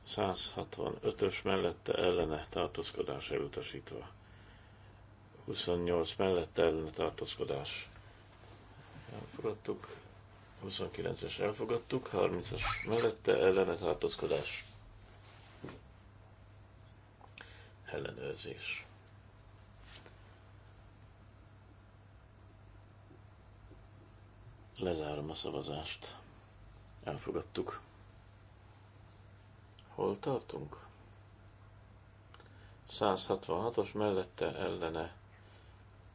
165-ös mellette ellene tartózkodás elutasítva, 28 mellette ellene tartózkodás elfogadtuk, 29-es elfogadtuk, 30-as mellette ellene tartózkodás ellenőrzés. Lezárom a szavazást. Elfogadtuk. Hol tartunk? 166-os mellette ellene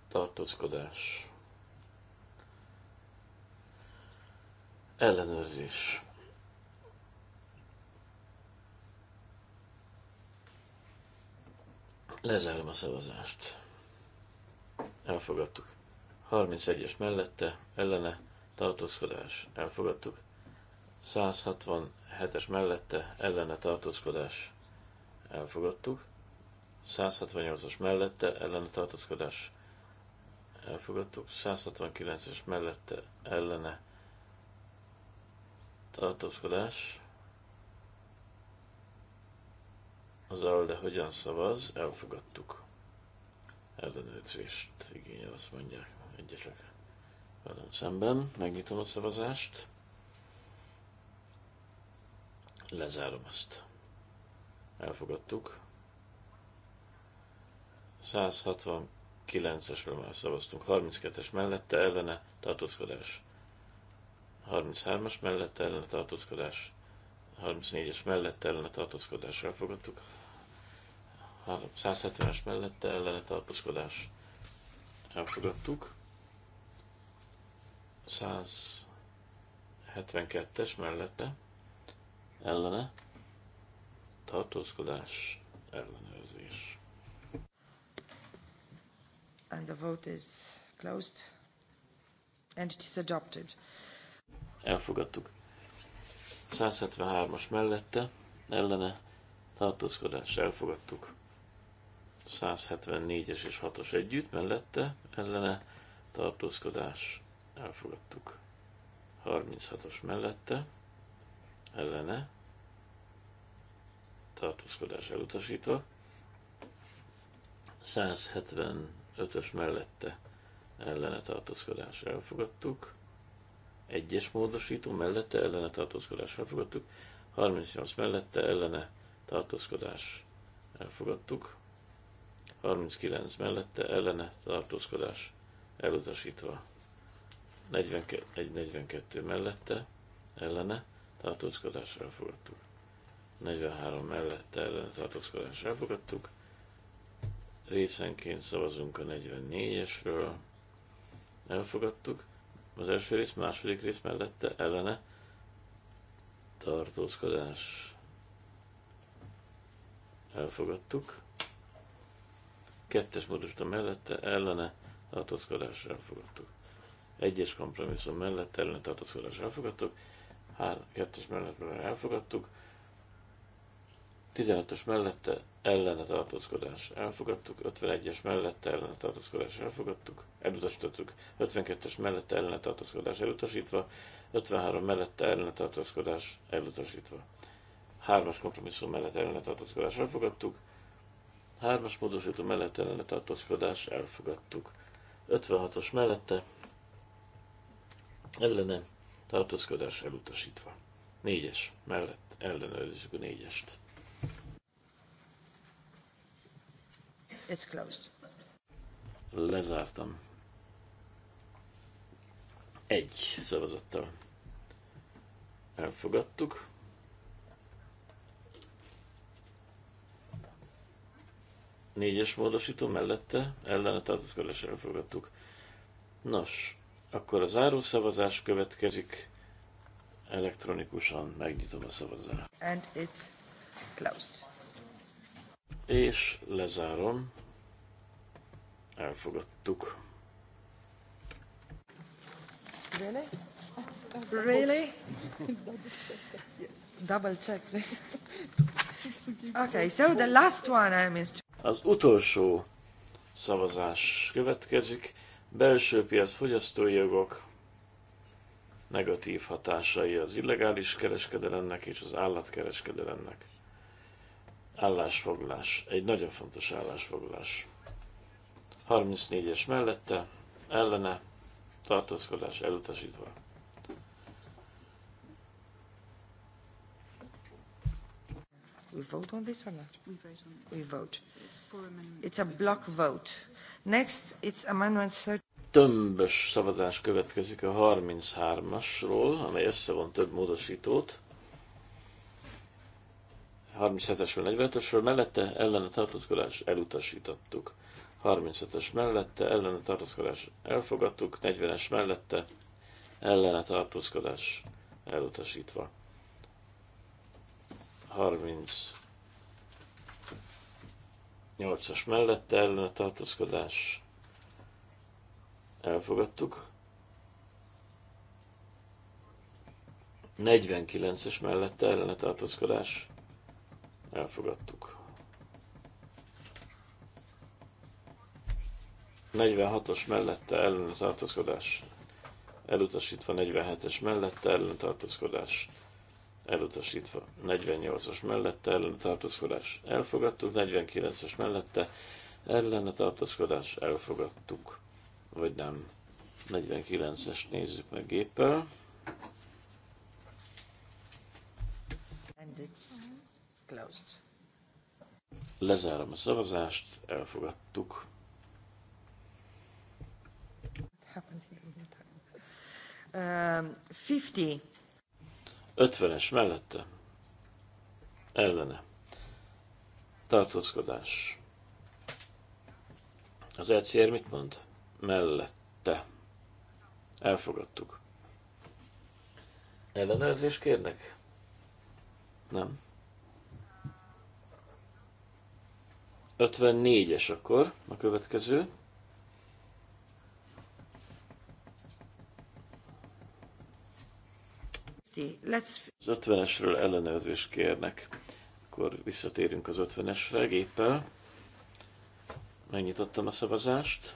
tartózkodás. Ellenőrzés. Lezárom a szavazást. Elfogadtuk. 31-es mellette, ellene tartózkodás, elfogadtuk. 167-es mellette ellene tartózkodás, elfogadtuk. 168-as mellette ellene tartózkodás, elfogadtuk. 169-es mellette ellene tartózkodás. Az ALDE hogyan szavaz? Elfogadtuk. Ellenőrzést igényel, azt mondják egyesek velem szemben. Megnyitom a szavazást. Lezárom azt. Elfogadtuk. 169-esről már szavaztunk. 32-es mellette ellene tartózkodás. 33-as mellette ellene tartózkodás. 34-es mellette ellene tartózkodás. Elfogadtuk. 170-es mellette ellene tartózkodás. Elfogadtuk. 172-es mellette ellene tartózkodás ellenőrzés. And the vote is closed. And it is adopted. Elfogadtuk. 173-as mellette ellene tartózkodás elfogadtuk. 174-es és 6-os együtt mellette ellene tartózkodás elfogadtuk. 36-os mellette, ellene, tartózkodás elutasítva, 175-ös mellette ellene tartózkodás elfogadtuk, egyes módosító mellette ellene tartózkodás elfogadtuk, 38 mellette ellene tartózkodás elfogadtuk, 39 mellette ellene tartózkodás elutasítva. 1.42 mellette, ellene, tartózkodásra elfogadtuk. 43 mellette, ellene, tartózkodásra elfogadtuk. Részenként szavazunk a 44-esről. Elfogadtuk. Az első rész, második rész mellette, ellene, tartózkodás elfogadtuk. Kettes módosta mellette, ellene, tartózkodás elfogadtuk egyes kompromisszum mellett terület tartózkodás elfogadtuk, 2-es mellett elfogadtuk, 15-ös mellette ellene tartózkodás elfogadtuk, 51-es mellette ellene tartózkodás elfogadtuk, elutasítottuk, 52-es mellette ellene tartózkodás elutasítva, 53 mellette ellene tartózkodás elutasítva. 3-as kompromisszum mellett ellene tartózkodás elfogadtuk, 3-as módosító mellett ellene tartózkodás elfogadtuk, 56-os mellette ellene tartózkodás elutasítva. Négyes mellett ellenőrizzük a négyest. It's closed. Lezártam. Egy szavazattal elfogadtuk. Négyes módosító mellette ellene tartózkodás elfogadtuk. Nos, akkor a záró szavazás következik. Elektronikusan megnyitom a szavazást. And it's closed. És lezárom. Elfogadtuk. Really? Really? [laughs] Double check. [laughs] okay, so the last one I missed. Az utolsó szavazás következik Belső piac, fogyasztói jogok, negatív hatásai az illegális kereskedelemnek és az állatkereskedelemnek. Állásfoglás. Egy nagyon fontos állásfoglás. 34-es mellette, ellene, tartózkodás elutasítva. We vote on this or not? We vote on this. We vote. It's a block vote. Next, it's amendment 30. Tömbös szavazás következik a 33-asról, amely összevon több módosítót. 37-esről, 45 esről mellette ellene tartózkodás elutasítottuk. 35 es mellette ellene tartózkodás elfogadtuk, 40-es mellette ellene tartózkodás elutasítva. 30 8-as mellette a tartózkodás elfogadtuk. 49-es mellette a tartózkodás elfogadtuk. 46-os mellette a tartózkodás elutasítva, 47-es mellette ellen tartózkodás elutasítva. 48-as mellette ellene tartózkodás elfogadtuk, 49-es mellette ellene tartózkodás elfogadtuk, vagy nem. 49-es nézzük meg géppel. And it's closed. Lezárom a szavazást, elfogadtuk. Um, 50 50-es mellette. Ellene. Tartózkodás. Az ECR mit mond? Mellette. Elfogadtuk. ellenőrzés kérnek? Nem. 54-es akkor a következő. Az 50-esről ellenőrzést kérnek. Akkor visszatérünk az 50-esre géppel. Megnyitottam a szavazást.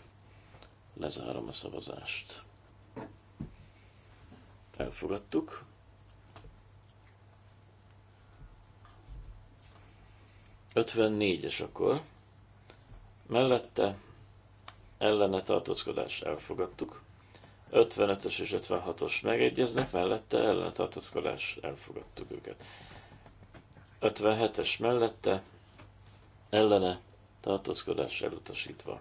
Lezárom a szavazást. Elfogadtuk. Ötvennégyes akkor. Mellette ellene tartózkodást elfogadtuk. 55-ös és 56-os megegyeznek, mellette ellene elfogadtuk őket. 57-es mellette ellene tartózkodás elutasítva.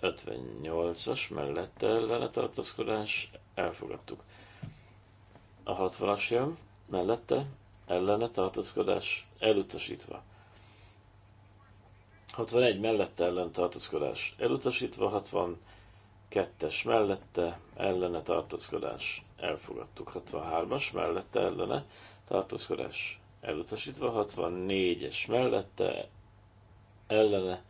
58-as mellette ellene tartózkodás elfogadtuk. A 60-as jön, mellette ellene tartózkodás elutasítva. 61 mellette ellen tartózkodás elutasítva, 60 62-es mellette ellene tartózkodás elfogadtuk. 63-as mellette ellene tartózkodás elutasítva. 64-es mellette ellene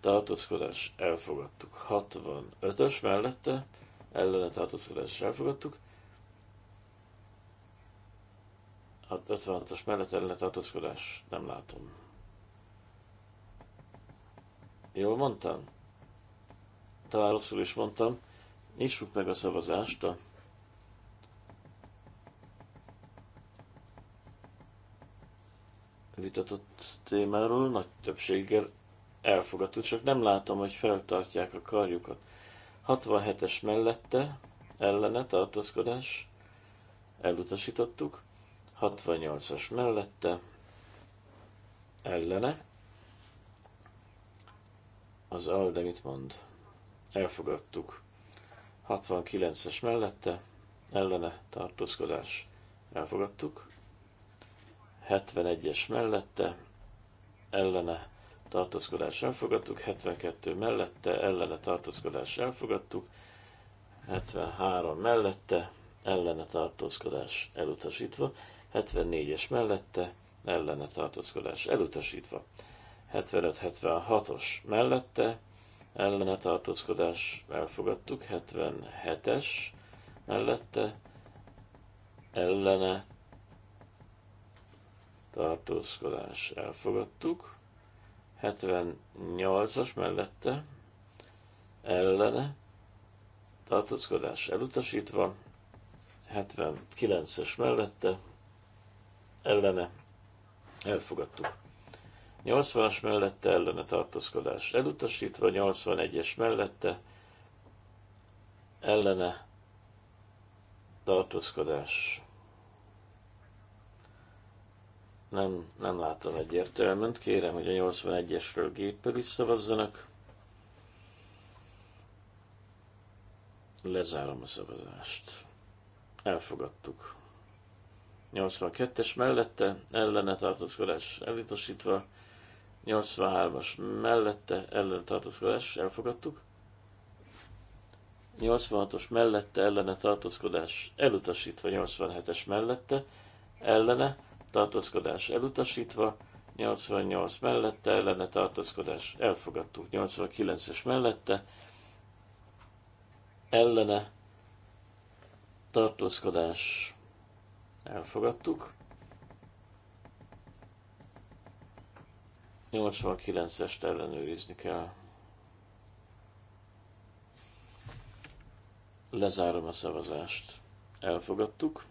tartózkodás elfogadtuk. 65-ös mellette ellene tartózkodás elfogadtuk. 56-as mellette, ellene tartózkodás nem látom. Jól mondtam? talán rosszul is mondtam, nyissuk meg a szavazást a vitatott témáról, nagy többséggel elfogadott, csak nem látom, hogy feltartják a karjukat. 67-es mellette ellene tartózkodás elutasítottuk, 68-as mellette ellene az Alde mit mond? elfogadtuk. 69-es mellette, ellene tartózkodás elfogadtuk. 71-es mellette, ellene tartózkodás elfogadtuk, 72 mellette, ellene tartózkodás elfogadtuk, 73 mellette, ellene tartózkodás elutasítva, 74-es mellette, ellene tartózkodás elutasítva, 75-76-os mellette, ellene tartózkodás elfogadtuk, 77-es mellette ellene tartózkodás elfogadtuk, 78-as mellette ellene tartózkodás elutasítva, 79-es mellette ellene elfogadtuk. 80-as mellette ellene tartózkodás elutasítva, 81-es mellette ellene tartózkodás. Nem, nem látom egyértelműen. Kérem, hogy a 81-esről géppel is szavazzanak. Lezárom a szavazást. Elfogadtuk. 82-es mellette ellene tartózkodás elutasítva, 83-as mellette ellen tartózkodás, elfogadtuk. 86-os mellette ellene tartózkodás, elutasítva 87-es mellette, ellene tartózkodás elutasítva, 88 mellette ellene tartózkodás elfogadtuk, 89-es mellette ellene tartózkodás elfogadtuk, 89-est ellenőrizni kell. Lezárom a szavazást. Elfogadtuk.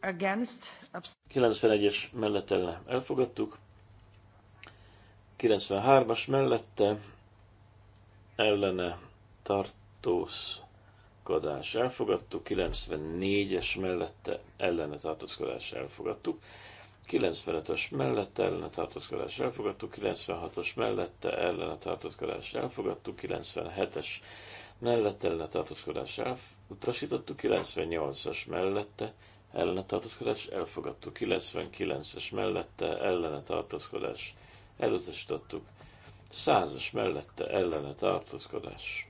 Against. 91-es mellette ellen elfogadtuk. 93-as mellette ellene tartóz tartózkodás elfogadtuk, 94-es mellette ellene tartózkodás elfogadtuk, 95-ös mellette ellene tartózkodás elfogadtuk, 96-os mellette ellene tartózkodás elfogadtuk, 97-es mellette ellene tartózkodás elutasítottuk, 98-as mellette ellene tartózkodás elfogadtuk, 99-es mellette ellene tartózkodás elutasítottuk, 100-as mellette ellene tartózkodás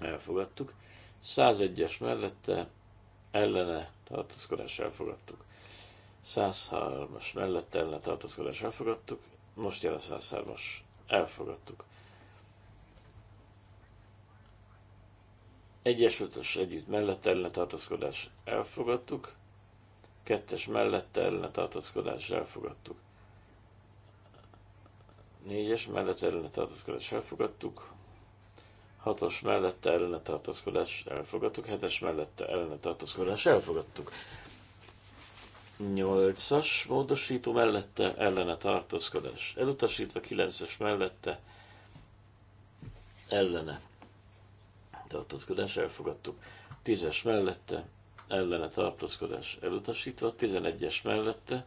elfogadtuk. 101-es mellette ellene tartózkodás elfogadtuk. 103-as mellette ellene tartózkodás elfogadtuk. Most jön a 103-as. Elfogadtuk. Egyes ötös együtt mellette ellene tartózkodás elfogadtuk. Kettes mellette ellene tartózkodás elfogadtuk. Négyes mellette ellene tartózkodás elfogadtuk. 6-os mellette ellene tartózkodás elfogadtuk, 7-es mellette ellene tartózkodás elfogadtuk. 8-as módosító mellette ellene tartózkodás elutasítva, 9-es mellette ellene tartózkodás elfogadtuk, 10-es mellette ellene tartózkodás elutasítva, 11-es mellette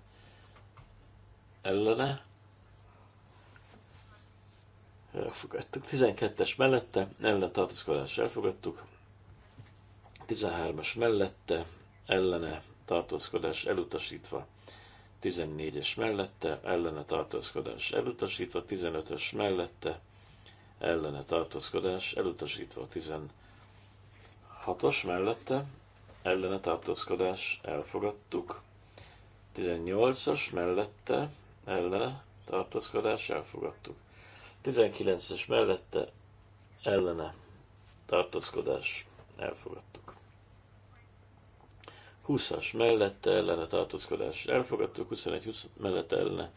ellene Elfogadtuk. 12-es mellette, ellen tartózkodás elfogadtuk. 13-as mellette, ellene tartózkodás elutasítva. 14-es mellette, ellene tartózkodás elutasítva, 15-ös mellette, ellene tartózkodás elutasítva, 16-os mellette, ellene tartózkodás elfogadtuk, 18-as mellette, ellene tartózkodás elfogadtuk, 19-es mellette ellene tartózkodás elfogadtuk. 20-as mellette ellene tartózkodás elfogadtuk, 21 mellette ellene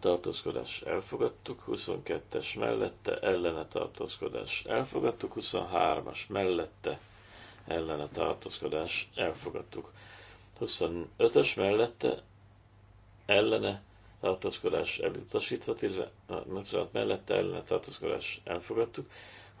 tartózkodás elfogadtuk, 22-es mellette ellene tartózkodás elfogadtuk, 23-as mellette ellene tartózkodás elfogadtuk, 25-ös mellette ellene tartózkodás elutasítva, 16 mellette ellene tartózkodás elfogadtuk,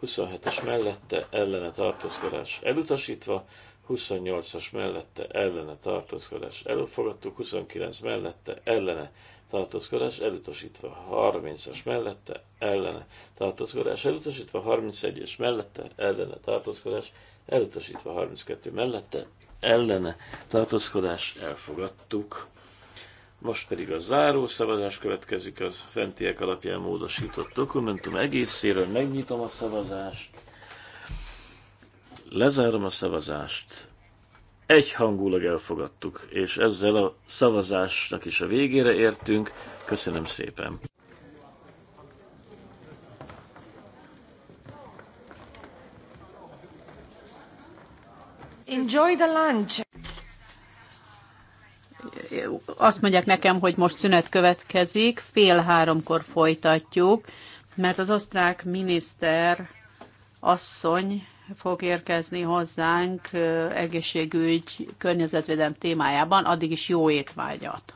27-es mellette ellene tartózkodás elutasítva, 28-as mellette ellene tartózkodás elfogadtuk, 29 mellette ellene tartózkodás elutasítva, 30-as mellette ellene tartózkodás elutasítva, 31-es mellette ellene tartózkodás elutasítva, 32 mellette ellene tartózkodás elfogadtuk. Most pedig a záró szavazás következik az fentiek alapján módosított dokumentum egészéről. Megnyitom a szavazást, lezárom a szavazást, egyhangulag elfogadtuk, és ezzel a szavazásnak is a végére értünk. Köszönöm szépen! Enjoy the lunch! azt mondják nekem, hogy most szünet következik, fél háromkor folytatjuk, mert az osztrák miniszter asszony fog érkezni hozzánk egészségügy, környezetvédelem témájában, addig is jó étvágyat!